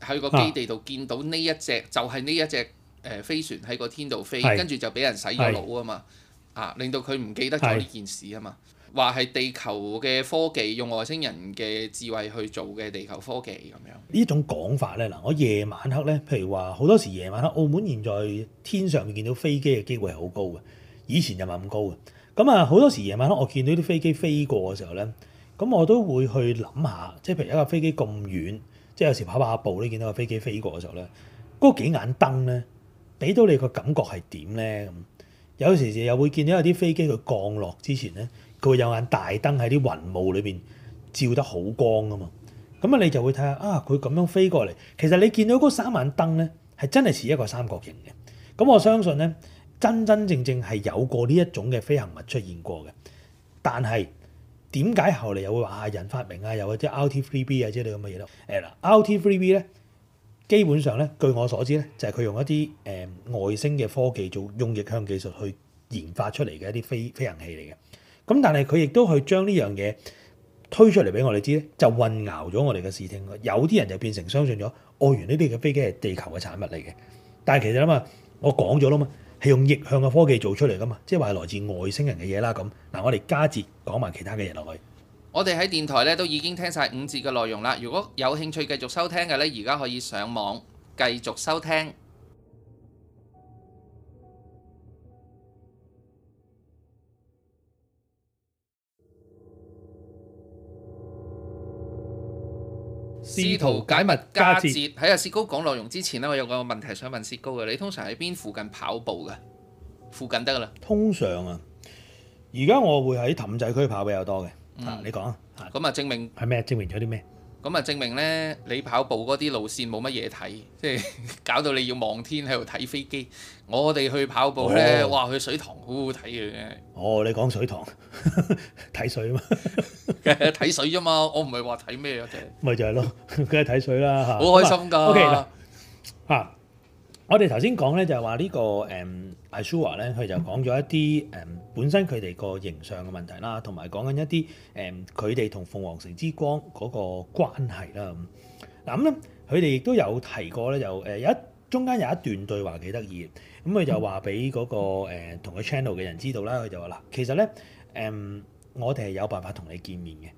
喺個基地度見到呢一隻，就係呢一隻。誒飛船喺個天度飛，是跟住就俾人洗咗腦啊嘛！是啊，令到佢唔記得咗呢件事啊嘛，話係是地球嘅科技用外星人嘅智慧去做嘅地球科技咁樣。呢種講法咧，嗱，我夜晚黑咧，譬如話好多時夜晚黑，澳門現在天上面見到飛機嘅機會係好高嘅，以前就唔係咁高嘅。咁啊，好多時夜晚黑我見到啲飛機飛過嘅時候咧，咁我都會去諗下，即係譬如一架飛機咁遠，即係有時跑跑下步你見到架飛機飛過嘅時候咧，嗰幾眼燈咧。俾到你個感覺係點咧？咁有時又會見到有啲飛機佢降落之前咧，佢會有眼大燈喺啲雲霧裏邊照得好光啊嘛。咁啊，你就會睇下啊，佢咁樣飛過嚟，其實你見到嗰三眼燈咧，係真係似一個三角形嘅。咁我相信咧，真真正正係有過呢一種嘅飛行物出現過嘅。但係點解後嚟又會話係人發明啊，又或者 Alt 3B 啊之類咁嘅嘢咧？誒啦 Alt 3B 咧。基本上咧，據我所知咧，就係、是、佢用一啲誒外星嘅科技做用逆向技術去研發出嚟嘅一啲飛飛行器嚟嘅。咁但係佢亦都去將呢樣嘢推出嚟俾我哋知咧，就混淆咗我哋嘅視聽。有啲人就變成相信咗外源呢啲嘅飛機係地球嘅產物嚟嘅。但係其實咧嘛，我講咗啦嘛，係用逆向嘅科技做出嚟㗎嘛，即係話係來自外星人嘅嘢啦。咁嗱，我哋加節講埋其他嘅嘢落去。我哋喺電台咧都已經聽晒五節嘅內容啦。如果有興趣繼續收聽嘅咧，而家可以上網繼續收聽。試圖解密加節。喺阿薛高講內容之前咧，我有個問題想問薛高嘅。你通常喺邊附近跑步噶？附近得噶啦。通常啊，而家我會喺氹仔區跑比較多嘅。啊，你講啊！咁啊，證明係咩？證明咗啲咩？咁啊，證明咧，你跑步嗰啲路線冇乜嘢睇，即係搞到你要望天喺度睇飛機。我哋去跑步咧，oh yeah，哇，去水塘好好睇嘅。哦，oh，你講水塘睇 水啊？嘛，okay，睇水啫嘛，我唔係話睇咩啊，就咪就係咯，梗係睇水啦，好開心㗎！O K 啦，嚇。我哋頭先講咧，就係話呢個 Ishuwa 咧，佢就講咗一啲誒本身佢哋個形象嘅問題啦，同埋講緊一啲誒佢哋同鳳凰城之光嗰個關係啦。咁嗱咁咧，佢哋亦都有提過咧，又誒有一中間有一段對話幾得意。咁佢就話俾嗰個誒同佢 channel 嘅人知道啦。佢就話嗱，其實咧誒，我哋係有辦法同你見面嘅。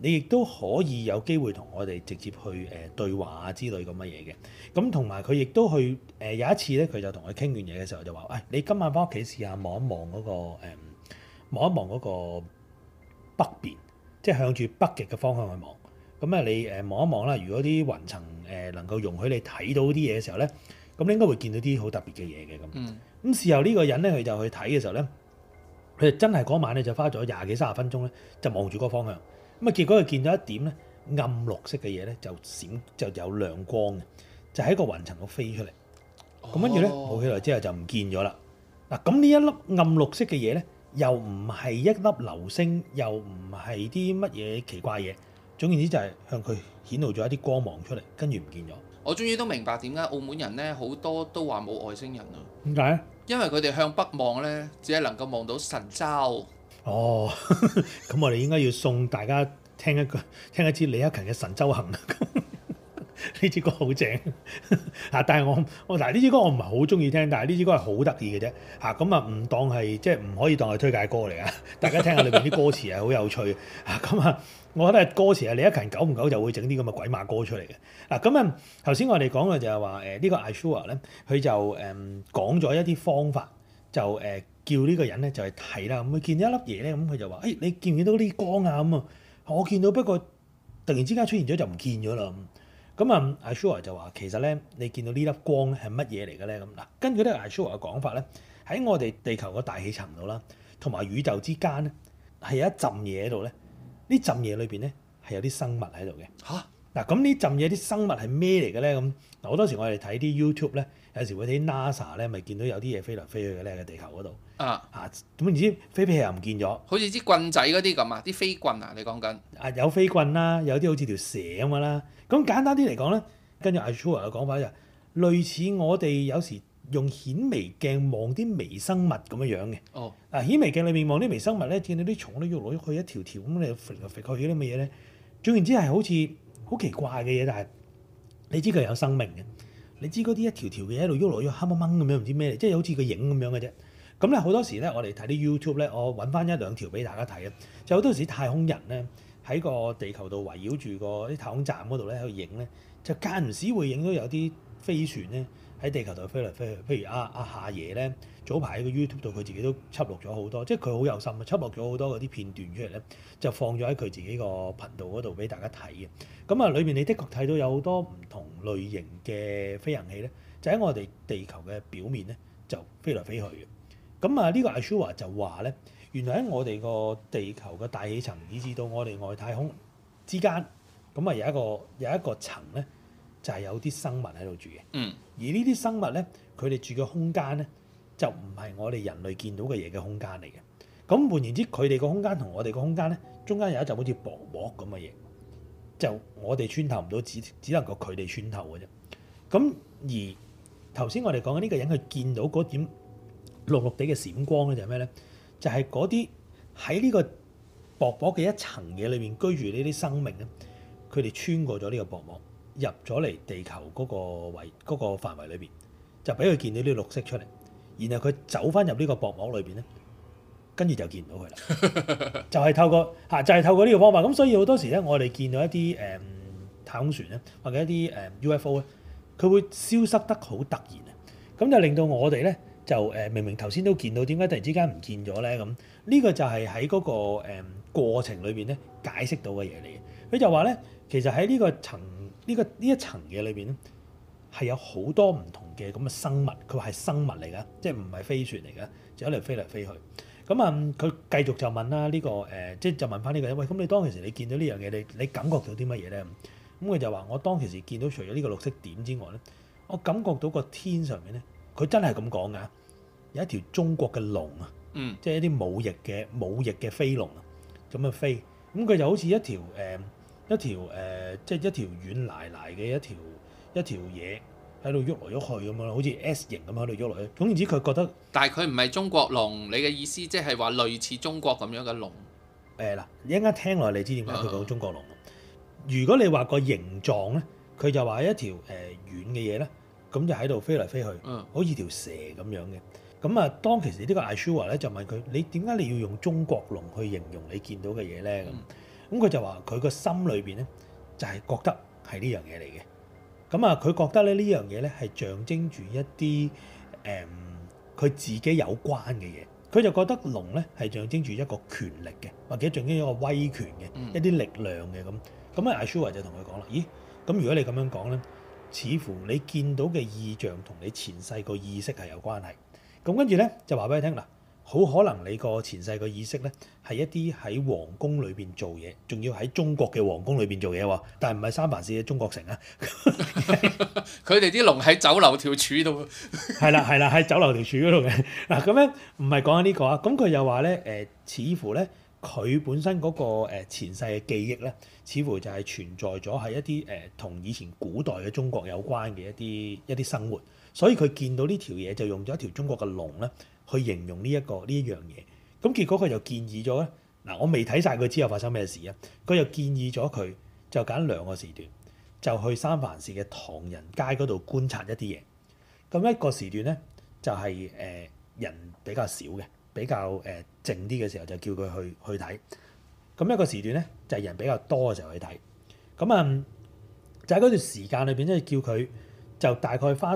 你亦都可以有機會同我哋直接去誒對話之類嘅嘢嘅，咁同埋佢亦都去誒、呃、有一次咧，佢就同我傾完嘢嘅時候就話，誒、哎、你今晚翻屋企試下望一望嗰、嗰個望、呃、一望嗰個北邊，即係向住北極嘅方向去望。咁啊，你誒望一望啦，如果啲雲層誒、呃、能夠容許你睇到啲嘢嘅時候咧，咁你應該會見到啲好特別嘅嘢嘅咁。咁事後呢個人咧，佢就去睇嘅時候咧，佢真係嗰晚咧就花咗廿幾三十分鐘咧，就望住嗰個方向。咁啊，結果佢見到一點咧，暗綠色嘅嘢咧，就閃就有亮光嘅，就喺個雲層度飛出嚟。咁跟住咧，冇幾耐之後就唔見咗啦。嗱，咁呢一粒暗綠色嘅嘢咧，又唔係一粒流星，又唔係啲乜嘢奇怪嘢。總言之，就係向佢顯露咗一啲光芒出嚟，跟住唔見咗。我終於都明白點解澳門人咧，好多都話冇外星人啊？點解咧？因為佢哋向北望咧，只係能夠望到神州。哦，咁我哋應該要送大家聽一個聽一支李克勤嘅《神州行》，呵呵，呢支歌好正嚇。但係我我嗱，呢支歌我唔係好鍾意聽，但係呢支歌係好得意嘅啫嚇。咁啊唔、嗯、當係即係唔可以當係推介歌嚟啊！大家聽下裏面啲歌詞係好有趣嘅。咁啊、嗯，我覺得歌詞啊，李克勤久唔久就會整啲咁嘅鬼馬歌出嚟嘅嗱。咁啊，頭、嗯、先我哋、呃這個呃、講嘅就係話誒呢個艾舒華咧，佢就誒講咗一啲方法就誒。呃叫呢個人咧就係睇啦，咁佢見到一粒嘢咧，咁佢就話：誒、hey，你見唔見到啲光啊？咁啊，我見到，不過突然之間出現咗就唔見咗啦。咁啊，艾舒華就話：其實咧，你見到呢粒光咧係乜嘢嚟嘅咧？咁嗱，根據呢個艾舒華嘅講法咧，喺我哋地球個大氣層度啦，同埋宇宙之間咧，係有一浸嘢喺度咧。呢浸嘢裏邊咧係有啲生物喺度嘅。嚇！嗱，咁呢浸嘢啲生物係咩嚟嘅咧？咁嗱，好多時我哋睇啲 YouTube 咧。有時會睇 NASA 咧，咪見到有啲嘢飛嚟飛去嘅咧，喺地球嗰度。啊啊！咁然之飛飛又唔見咗。好似啲棍仔嗰啲咁啊，啲飛棍啊，你講緊？啊，有飛棍啦、啊，有啲好似條蛇咁噶啦。咁、啊、簡單啲嚟講咧，跟住 Ishuwa 嘅講法就類似我哋有時用顯微鏡望啲微生物咁樣樣嘅。哦。啊，顯微鏡裏面望啲微生物咧，見到啲蟲都喐來喐去一條條咁，你拂嚟拂去啲乜嘢咧？總言之係好似好奇怪嘅嘢，但係你知佢有生命嘅。你知嗰啲一條條嘅喺度喐來喐去，黑掹掹咁樣唔知咩嚟，即係好似個影咁樣嘅啫。咁咧，好多時咧，我哋睇啲 YouTube 咧，我揾翻一兩條俾大家睇啊。就好多時太空人咧，喺個地球度圍繞住個啲太空站嗰度咧，喺度影咧，就間唔時會影到有啲飛船咧。喺地球度飛嚟飛去，譬如阿、啊、阿、啊、夏野夏爺咧，早排喺個 YouTube 度佢自己都輯錄咗好多，即係佢好有心啊！輯錄咗好多嗰啲片段出嚟咧，就放咗喺佢自己個頻道嗰度俾大家睇嘅。咁、嗯、啊，裏面你的確睇到有好多唔同類型嘅飛行器咧，就喺我哋地球嘅表面咧就飛嚟飛去嘅。咁啊，呢個 Ishuwa 就話咧，原來喺我哋個地球嘅大氣層以至到我哋外太空之間，咁啊有一個有一個層咧，就係有啲生物喺度住嘅。嗯。而呢啲生物咧，佢哋住嘅空間咧，就唔係我哋人類見到嘅嘢嘅空間嚟嘅。咁換言之，佢哋個空間同我哋個空間咧，中間有一層好似薄膜咁嘅嘢，就我哋穿透唔到，只只能夠佢哋穿透嘅啫。咁而頭先我哋講緊呢個人佢見到嗰點綠綠地嘅閃光咧，就係咩咧？就係嗰啲喺呢個薄薄嘅一層嘢裏邊居住呢啲生命咧，佢哋穿過咗呢個薄膜。入咗嚟地球嗰個位嗰個範圍裏邊，就俾佢見到啲綠色出嚟，然後佢走翻入呢個薄膜裏邊咧，跟住就見唔到佢啦。 就係透過吓就係透過呢個方法。咁所以好多時咧，我哋見到一啲誒太空船咧，或者一啲誒 UFO 咧，佢會消失得好突然啊！咁就令到我哋咧就誒明明頭先都見到，點解突然之間唔見咗咧？咁呢個就係喺嗰個誒過程裏邊咧解釋到嘅嘢嚟嘅。佢就話咧，其實喺呢個層。呢、這個呢一層嘢裏邊咧，係有好多唔同嘅咁嘅生物，佢話係生物嚟㗎，即係唔係飛船嚟㗎，就喺度飛嚟飛去。咁、嗯、啊，佢繼續就問啦、啊，呢、這個誒、呃，即係就問翻呢、這個嘢。喂，咁、嗯、你當其時你見到呢樣嘢，你你感覺到啲乜嘢咧？咁、嗯、佢就話：我當其時見到除咗呢個綠色點之外咧，我感覺到個天上面咧，佢真係咁講㗎，有一條中國嘅龍啊，嗯、即係一啲冇翼嘅冇翼嘅飛龍啊，咁樣飛。咁、嗯、佢就好似一條誒。呃一條誒、呃，即係一條軟瀨瀨嘅一條一條嘢喺度喐來喐去咁樣，好似 S 型咁喺度喐來喐去。總言之，佢覺得。但係佢唔係中國龍，你嘅意思即係話類似中國咁樣嘅龍。誒嗱、欸，一陣間聽落你知點解佢講中國龍？嗯、如果你話個形狀咧，佢就話一條誒、呃、軟嘅嘢咧，咁就喺度飛嚟飛去，嗯、好似條蛇咁樣嘅。咁啊，當其時個呢個 Ishuwa 咧就問佢：你點解你要用中國龍去形容你見到嘅嘢咧？嗯咁佢就話：佢個心裏邊咧，就係、是、覺得係呢樣嘢嚟嘅。咁啊，佢覺得咧呢樣嘢咧係象徵住一啲誒，佢、嗯、自己有關嘅嘢。佢就覺得龍咧係象徵住一個權力嘅，或者象徵一個威權嘅一啲力量嘅。咁咁啊，Ishuwa 就同佢講啦：咦，咁如果你咁樣講咧，似乎你見到嘅意象同你前世個意識係有關係。咁跟住咧就話俾佢聽啦。好可能你個前世個意識咧，係一啲喺皇宮裏邊做嘢，仲要喺中國嘅皇宮裏邊做嘢喎。但唔係三藩市嘅中國城啊！佢哋啲龍喺酒樓條柱度。係啦係啦，喺酒樓條柱嗰度嘅，嗱，咁樣，唔係講緊呢個啊。咁佢又話咧，誒，似乎咧佢本身嗰個誒前世嘅記憶咧，似乎就係存在咗喺一啲誒同以前古代嘅中國有關嘅一啲一啲生活，所以佢見到呢條嘢就用咗一條中國嘅龍咧。去形容呢、這、一個呢一樣嘢，咁結果佢就建議咗咧。嗱，我未睇晒佢之後發生咩事啊！佢就建議咗佢就揀兩個時段，就去三藩市嘅唐人街嗰度觀察一啲嘢。咁一個時段咧就係、是、誒人比較少嘅，比較誒靜啲嘅時候，就叫佢去去睇。咁一個時段咧就係、是、人比較多嘅時候去睇。咁、嗯、啊，就喺嗰段時間裏邊，即係叫佢就大概花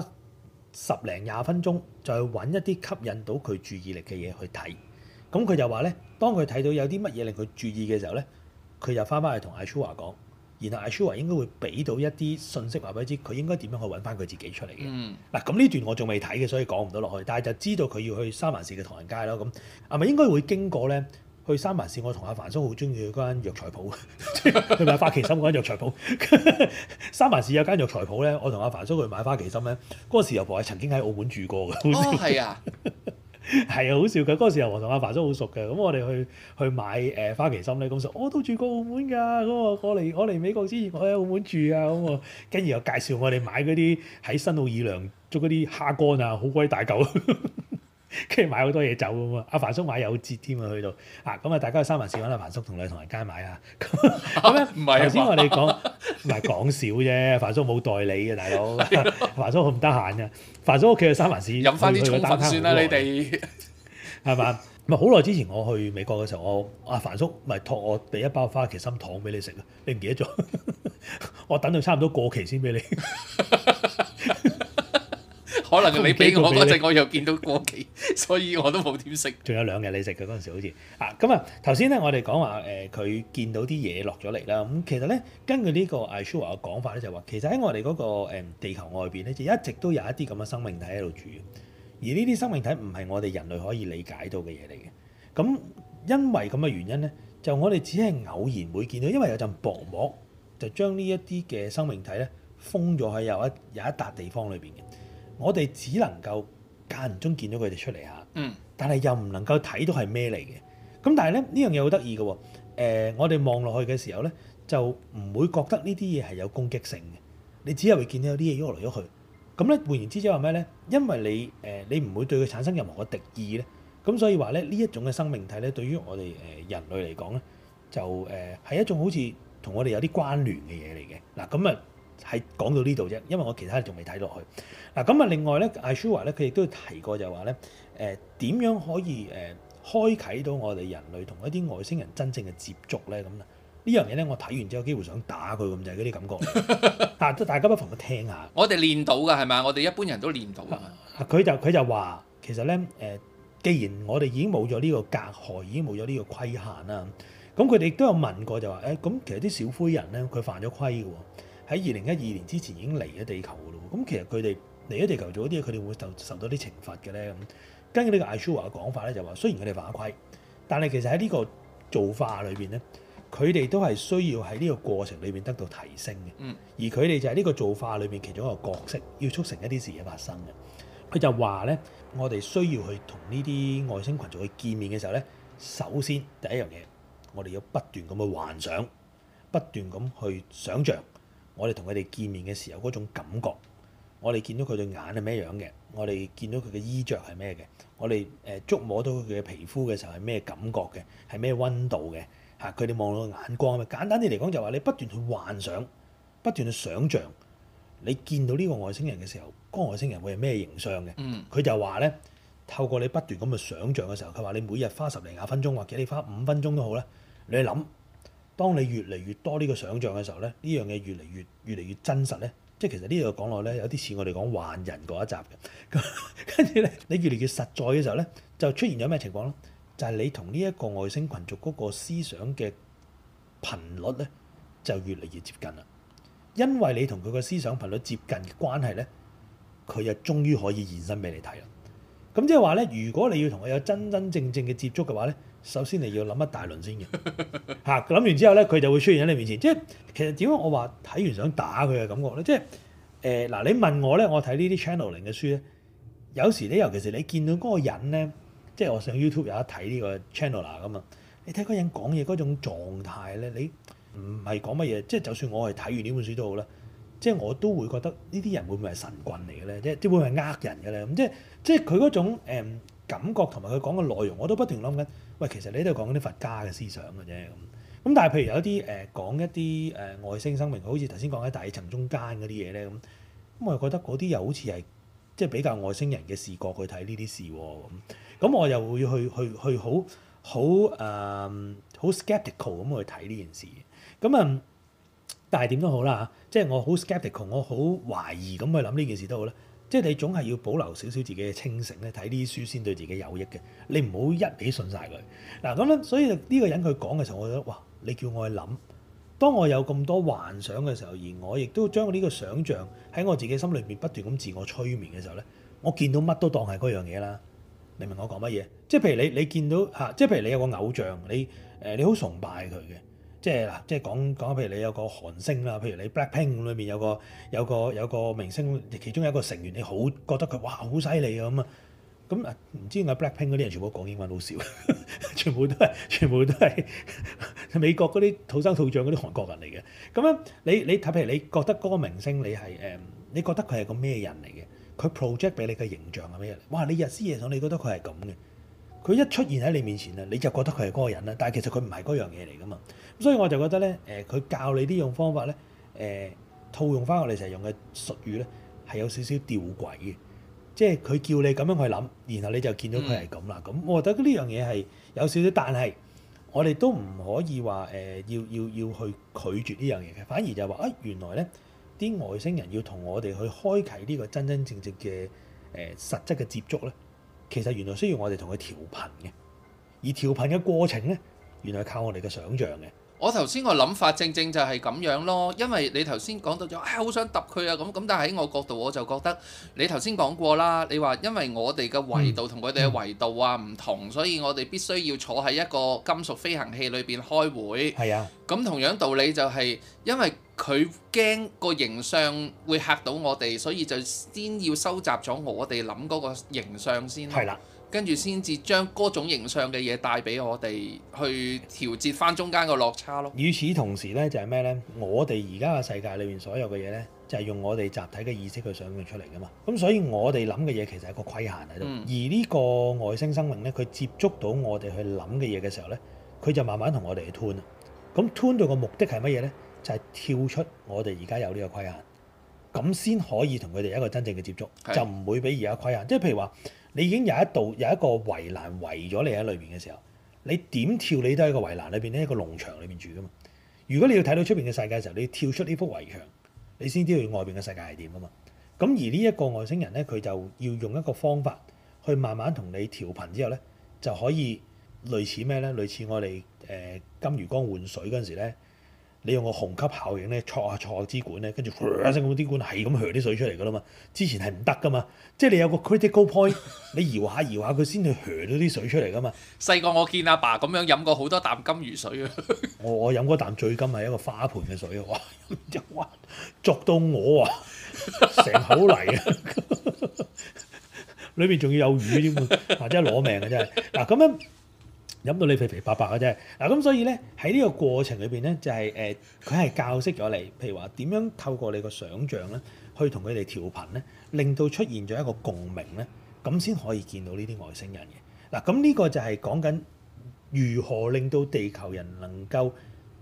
十零廿分鐘。就揾一啲吸引到佢注意力嘅嘢去睇，咁佢就話咧，當佢睇到有啲乜嘢令佢注意嘅時候咧，佢就翻翻去同阿舒華講，然後阿舒華應該會俾到一啲信息，話俾佢知佢應該點樣去揾翻佢自己出嚟嘅。嗱、嗯，咁呢、啊、段我仲未睇嘅，所以講唔到落去，但係就知道佢要去三藩市嘅唐人街咯。咁係咪應該會經過咧？去三藩市，我同阿凡叔好中意嗰間藥材鋪， 去買花旗參嗰間藥材鋪。 三藩市有間藥材鋪咧，我同阿凡叔去買花旗參咧。嗰、那個、時阿婆係曾經喺澳門住過嘅，好笑、哦。係啊，係 啊，好笑嘅。嗰、那個、時我同阿凡叔好熟嘅，咁我哋去去買誒、呃、花旗參咧。咁我都住過澳門㗎。咁我我嚟我嚟美國之前，我喺澳門住啊。咁啊，跟住又介紹我哋買嗰啲喺新奧爾良捉嗰啲蝦乾啊，好鬼大嚿。 跟住買好多嘢走啊嘛！阿凡叔買有折添啊，去到啊咁啊，大家去三藩市嗰阿凡叔同你唐人街買啊。咁樣唔係啊？頭先我哋講唔係講少啫，凡叔冇代理嘅大佬，凡叔佢唔得閒啊。凡叔屋企去三藩市。飲翻啲粗粉算啦，單單單啊、你哋係嘛？唔係好耐之前我去美國嘅時候，我阿、啊、凡叔咪託我俾一包花旗參糖俾你食啊。你唔記得咗？ 我等到差唔多過期先俾你。 可能你俾我嗰陣，我又見到過期， 所以我都冇點食。仲有兩日你食嘅嗰陣時好，好似啊咁啊。頭先咧，我哋講話誒，佢、呃、見到啲嘢落咗嚟啦。咁、嗯、其實咧，根據呢個阿舒華嘅講法咧、就是，就話其實喺我哋嗰個誒地球外邊咧，就一直都有一啲咁嘅生命體喺度住。而呢啲生命體唔係我哋人類可以理解到嘅嘢嚟嘅。咁、嗯、因為咁嘅原因咧，就我哋只係偶然會見到，因為有陣薄膜就將呢一啲嘅生命體咧封咗喺有一有一笪地方裏邊嘅。我哋只能夠間唔中見到佢哋出嚟嚇。嗯、但係又唔能夠睇到係咩嚟嘅。咁但係咧，呢樣嘢好得意嘅喎，誒我哋望落去嘅時候咧，就唔會覺得呢啲嘢係有攻擊性嘅。你只係會見到啲嘢喐嚟喐去。咁咧，換言之即係話咩咧？因為你誒、呃、你唔會對佢產生任何嘅敵意咧。咁所以話咧，呢一種嘅生命體咧，對於我哋誒、呃、人類嚟講咧，就誒係、呃、一種好似同我哋有啲關聯嘅嘢嚟嘅。嗱，咁啊～係講到呢度啫，因為我其他仲未睇落去嗱。咁啊，另外咧，艾舒華咧，佢亦都提過就話咧，誒點樣可以誒開啓到我哋人類同一啲外星人真正嘅接觸咧？咁呢樣嘢咧，我睇完之後，幾乎想打佢咁就係嗰啲感覺。但大家不妨去聽下。我哋練到㗎係咪？我哋一般人都練到㗎。佢就佢就話其實咧誒，既然我哋已經冇咗呢個隔閡，已經冇咗呢個規限啦，咁佢哋都有問過就話誒，咁其實啲小灰人咧，佢犯咗規㗎喎。喺二零一二年之前已經嚟咗地球噶咯。咁其實佢哋嚟咗地球做嗰啲嘢，佢哋會受受到啲懲罰嘅咧。咁根據個呢個艾舒華嘅講法咧，就話雖然佢哋犯咗規，但係其實喺呢個造化裏邊咧，佢哋都係需要喺呢個過程裏邊得到提升嘅。嗯，而佢哋就係呢個造化裏邊其中一個角色，要促成一啲事嘅發生嘅。佢就話咧，我哋需要去同呢啲外星群眾去見面嘅時候咧，首先第一樣嘢，我哋要不斷咁去幻想，不斷咁去想像。我哋同佢哋見面嘅時候嗰種感覺，我哋見到佢對眼係咩樣嘅，我哋見到佢嘅衣着係咩嘅，我哋誒觸摸到佢嘅皮膚嘅時候係咩感覺嘅，係咩温度嘅，嚇佢哋望到眼光咩？簡單啲嚟講就話你不斷去幻想，不斷去想像，你見到呢個外星人嘅時候，個外星人會係咩形象嘅？佢就話呢，透過你不斷咁去想像嘅時候，佢話你每日花十零廿分鐘，或者你花五分鐘都好啦，你去諗。當你越嚟越多呢個想像嘅時候咧，呢樣嘢越嚟越越嚟越真實咧，即係其實呢度講落咧，有啲似我哋講幻人嗰一集嘅。咁跟住咧，你越嚟越實在嘅時候咧，就出現咗咩情況咧？就係你同呢一個外星群族嗰個思想嘅頻率咧，就越嚟越接近啦。因為你同佢個思想頻率接近嘅關係咧，佢啊，終於可以現身俾你睇啦。咁即係話咧，如果你要同佢有真真正正嘅接觸嘅話咧。首先你要諗一大輪先嘅，嚇諗 完之後咧，佢就會出現喺你面前。即係其實點解我話睇完想打佢嘅感覺咧？即係誒嗱，你問我咧，我睇呢啲 channeling 嘅書咧，有時你，尤其是你見到嗰個人咧，即係我上 YouTube 有得睇呢個 channel 啦咁啊，你睇嗰人講嘢嗰種狀態咧，你唔係講乜嘢？即係就算我係睇完呢本書都好啦，即係我都會覺得呢啲人會唔會係神棍嚟嘅咧？即係會唔會係呃人嘅咧？咁即係即係佢嗰種、嗯、感覺同埋佢講嘅內容，我都不斷諗緊。喂，其實你都係講緊啲佛家嘅思想嘅啫咁，咁但係譬如有一啲誒、呃、講一啲誒、呃、外星生命，好似頭先講喺第二層中間嗰啲嘢咧咁，咁、嗯、我又覺得嗰啲又好似係即係比較外星人嘅視角去睇呢啲事喎咁，咁、嗯、我又會去去去好好誒好 skeptical 咁去睇呢、呃、件事咁啊、嗯，但係點都好啦，即係我好 skeptical，我好懷疑咁去諗呢件事都好啦。即係你總係要保留少少自己嘅清醒咧，睇啲書先對自己有益嘅。你唔好一味信晒佢嗱咁啦。所以呢個人佢講嘅時候，我覺得哇！你叫我去諗，當我有咁多幻想嘅時候，而我亦都將呢個想像喺我自己心裏邊不斷咁自我催眠嘅時候咧，我見到乜都當係嗰樣嘢啦。明唔明我講乜嘢？即係譬如你你見到嚇，即係譬如你有個偶像，你誒你好崇拜佢嘅。即係嗱，即係講講，譬如你有個韓星啦，譬如你 Blackpink 裏面有個有個有個明星，其中有一個成員，你好覺得佢哇好犀利啊咁啊。咁啊，唔知點解 Blackpink 嗰啲人全部講英文好少， 全部都係全部都係美國嗰啲土生土長嗰啲韓國人嚟嘅。咁樣你你睇譬如你覺得嗰個明星你係誒，你覺得佢係個咩人嚟嘅？佢 project 俾你嘅形象係咩嚟？哇！你日思夜想，你覺得佢係咁嘅，佢一出現喺你面前啊，你就覺得佢係嗰個人啦。但係其實佢唔係嗰樣嘢嚟㗎嘛。所以我就覺得咧，誒、呃、佢教你呢種方法咧，誒、呃、套用翻我哋成日用嘅術語咧，係有少少吊詭嘅，即係佢叫你咁樣去諗，然後你就見到佢係咁啦。咁、嗯、我覺得呢樣嘢係有少少，但係我哋都唔可以話誒、呃、要要要去拒絕呢樣嘢嘅，反而就係話啊原來咧啲外星人要同我哋去開啟呢個真真正正嘅誒、呃、實質嘅接觸咧，其實原來需要我哋同佢調頻嘅，而調頻嘅過程咧，原來係靠我哋嘅想像嘅。我頭先個諗法正正就係咁樣咯，因為你頭先講到咗，係、哎、好想揼佢啊咁咁，但喺我角度我就覺得，你頭先講過啦，你話因為我哋嘅維度同佢哋嘅維度啊唔同，嗯、所以我哋必須要坐喺一個金屬飛行器裏邊開會。係啊，咁、嗯、同樣道理就係、是，因為佢驚個形象會嚇到我哋，所以就先要收集咗我哋諗嗰個形象先。係啦、啊。跟住先至將嗰種形象嘅嘢帶俾我哋去調節翻中間個落差咯。與此同時呢，就係、是、咩呢？我哋而家嘅世界裏面所有嘅嘢呢，就係、是、用我哋集體嘅意識去想象出嚟噶嘛。咁所以我哋諗嘅嘢其實係一個規限喺度。嗯、而呢個外星生命呢，佢接觸到我哋去諗嘅嘢嘅時候呢，佢就慢慢同我哋去 tune 啊。咁 tune 到嘅目的係乜嘢呢？就係、是、跳出我哋而家有呢個規限，咁先可以同佢哋一個真正嘅接觸，是就唔會俾而家規限。即係譬如話。你已經有一道有一個圍欄圍咗你喺裏面嘅時候，你點跳你都喺個圍欄裏邊，呢一個農場裏面住噶嘛。如果你要睇到出邊嘅世界嘅時候，你跳出呢幅圍牆，你先知道外邊嘅世界係點噶嘛。咁而呢一個外星人呢，佢就要用一個方法去慢慢同你調頻之後呢，就可以類似咩呢？類似我哋誒金魚缸換水嗰陣時咧。你用個虹吸效應咧，搓下搓下支管咧，跟住噥聲咁啲管係咁噒啲水出嚟噶啦嘛。之前係唔得噶嘛，即係你有個 critical point，你搖下搖下佢先至噒咗啲水出嚟噶嘛。細個我見阿爸咁樣飲過好多啖金魚水啊 。我我飲過啖最金係一個花盆嘅水啊，哇！一屈，捉到我啊，成口泥啊，裏 面仲要有魚添啊，或者攞命啊，真係。嗱咁樣。飲到你肥肥白白嘅啫，嗱、啊、咁所以咧喺呢個過程裏邊咧就係誒佢係教識咗你，譬如話點樣透過你個想像咧，去同佢哋調頻咧，令到出現咗一個共鳴咧，咁先可以見到呢啲外星人嘅。嗱咁呢個就係講緊如何令到地球人能夠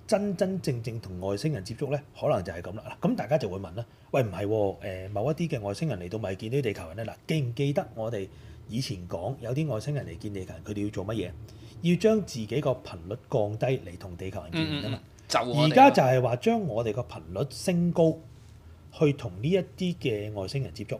真真正正同外星人接觸咧，可能就係咁啦。咁、啊、大家就會問啦，喂唔係誒某一啲嘅外星人嚟到咪、就係、見啲地球人咧？嗱、啊、記唔記得我哋以前講有啲外星人嚟見地球人，佢哋要做乜嘢？要將自己個頻率降低嚟同地球人見面啊嘛！而家、嗯、就係話將我哋個頻率升高，去同呢一啲嘅外星人接觸，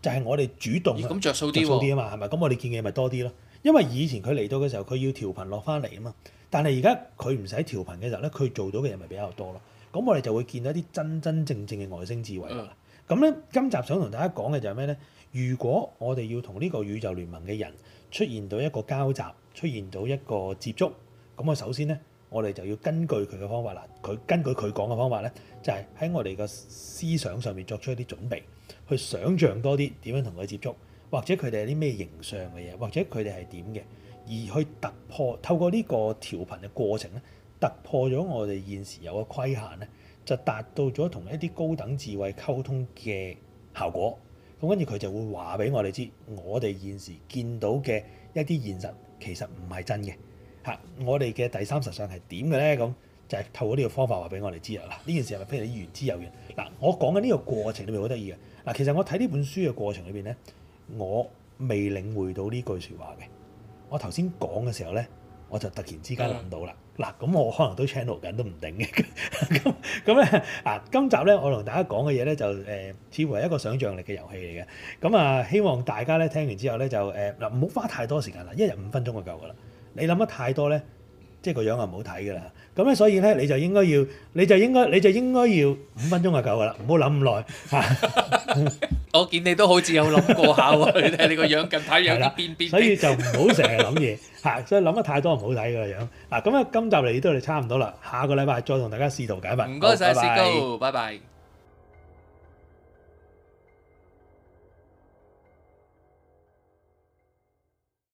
就係、是、我哋主動。咁着數啲啊嘛，係咪？咁、啊、我哋見嘅嘢咪多啲咯。因為以前佢嚟到嘅時候，佢要調頻落翻嚟啊嘛。但係而家佢唔使調頻嘅時候咧，佢做到嘅嘢咪比較多咯。咁我哋就會見到一啲真真正正嘅外星智慧啦。咁咧、嗯，今集想同大家講嘅就係咩咧？如果我哋要同呢個宇宙聯盟嘅人出現到一個交集。出現到一個接觸，咁我首先呢，我哋就要根據佢嘅方法啦。佢根據佢講嘅方法呢，就係喺我哋嘅思想上面作出一啲準備，去想像多啲點樣同佢接觸，或者佢哋係啲咩形象嘅嘢，或者佢哋係點嘅，而去突破透過呢個調頻嘅過程咧，突破咗我哋現時有嘅規限呢就達到咗同一啲高等智慧溝通嘅效果。咁跟住佢就會話俾我哋知，我哋現時見到嘅一啲現實。其實唔係真嘅，嚇、啊，我哋嘅第三實相係點嘅呢？咁就係透過呢個方法話俾我哋知啦。呢、啊、件事係咪非常之言之有緣？嗱、啊，我講緊呢個過程都係好得意嘅。嗱、啊，其實我睇呢本書嘅過程裏邊呢，我未領會到呢句説話嘅。我頭先講嘅時候呢，我就突然之間諗到啦。嗯嗱，咁我可能都 channel 緊都唔定嘅。咁咁咧，嗱，今集咧我同大家講嘅嘢咧就誒、呃，似乎係一個想像力嘅遊戲嚟嘅。咁、呃、啊，希望大家咧聽完之後咧就誒，嗱、呃，唔好花太多時間啦，一日五分鐘就夠噶啦。你諗得太多咧，即係個樣啊唔好睇噶啦。咁咧，所以咧，你就應該要，你就應該，你就應該要五分鐘就夠噶啦，唔好諗咁耐。啊、 我見你都好似有諗過下喎， 你睇你個樣近排樣樣變變。所以就唔好成日諗嘢嚇，所以諗得太多唔好睇個樣。嗱，咁啊，今集嚟都係差唔多啦，下個禮拜再同大家試圖解密。唔該晒，士高好，拜拜 bye bye。Go, bye bye.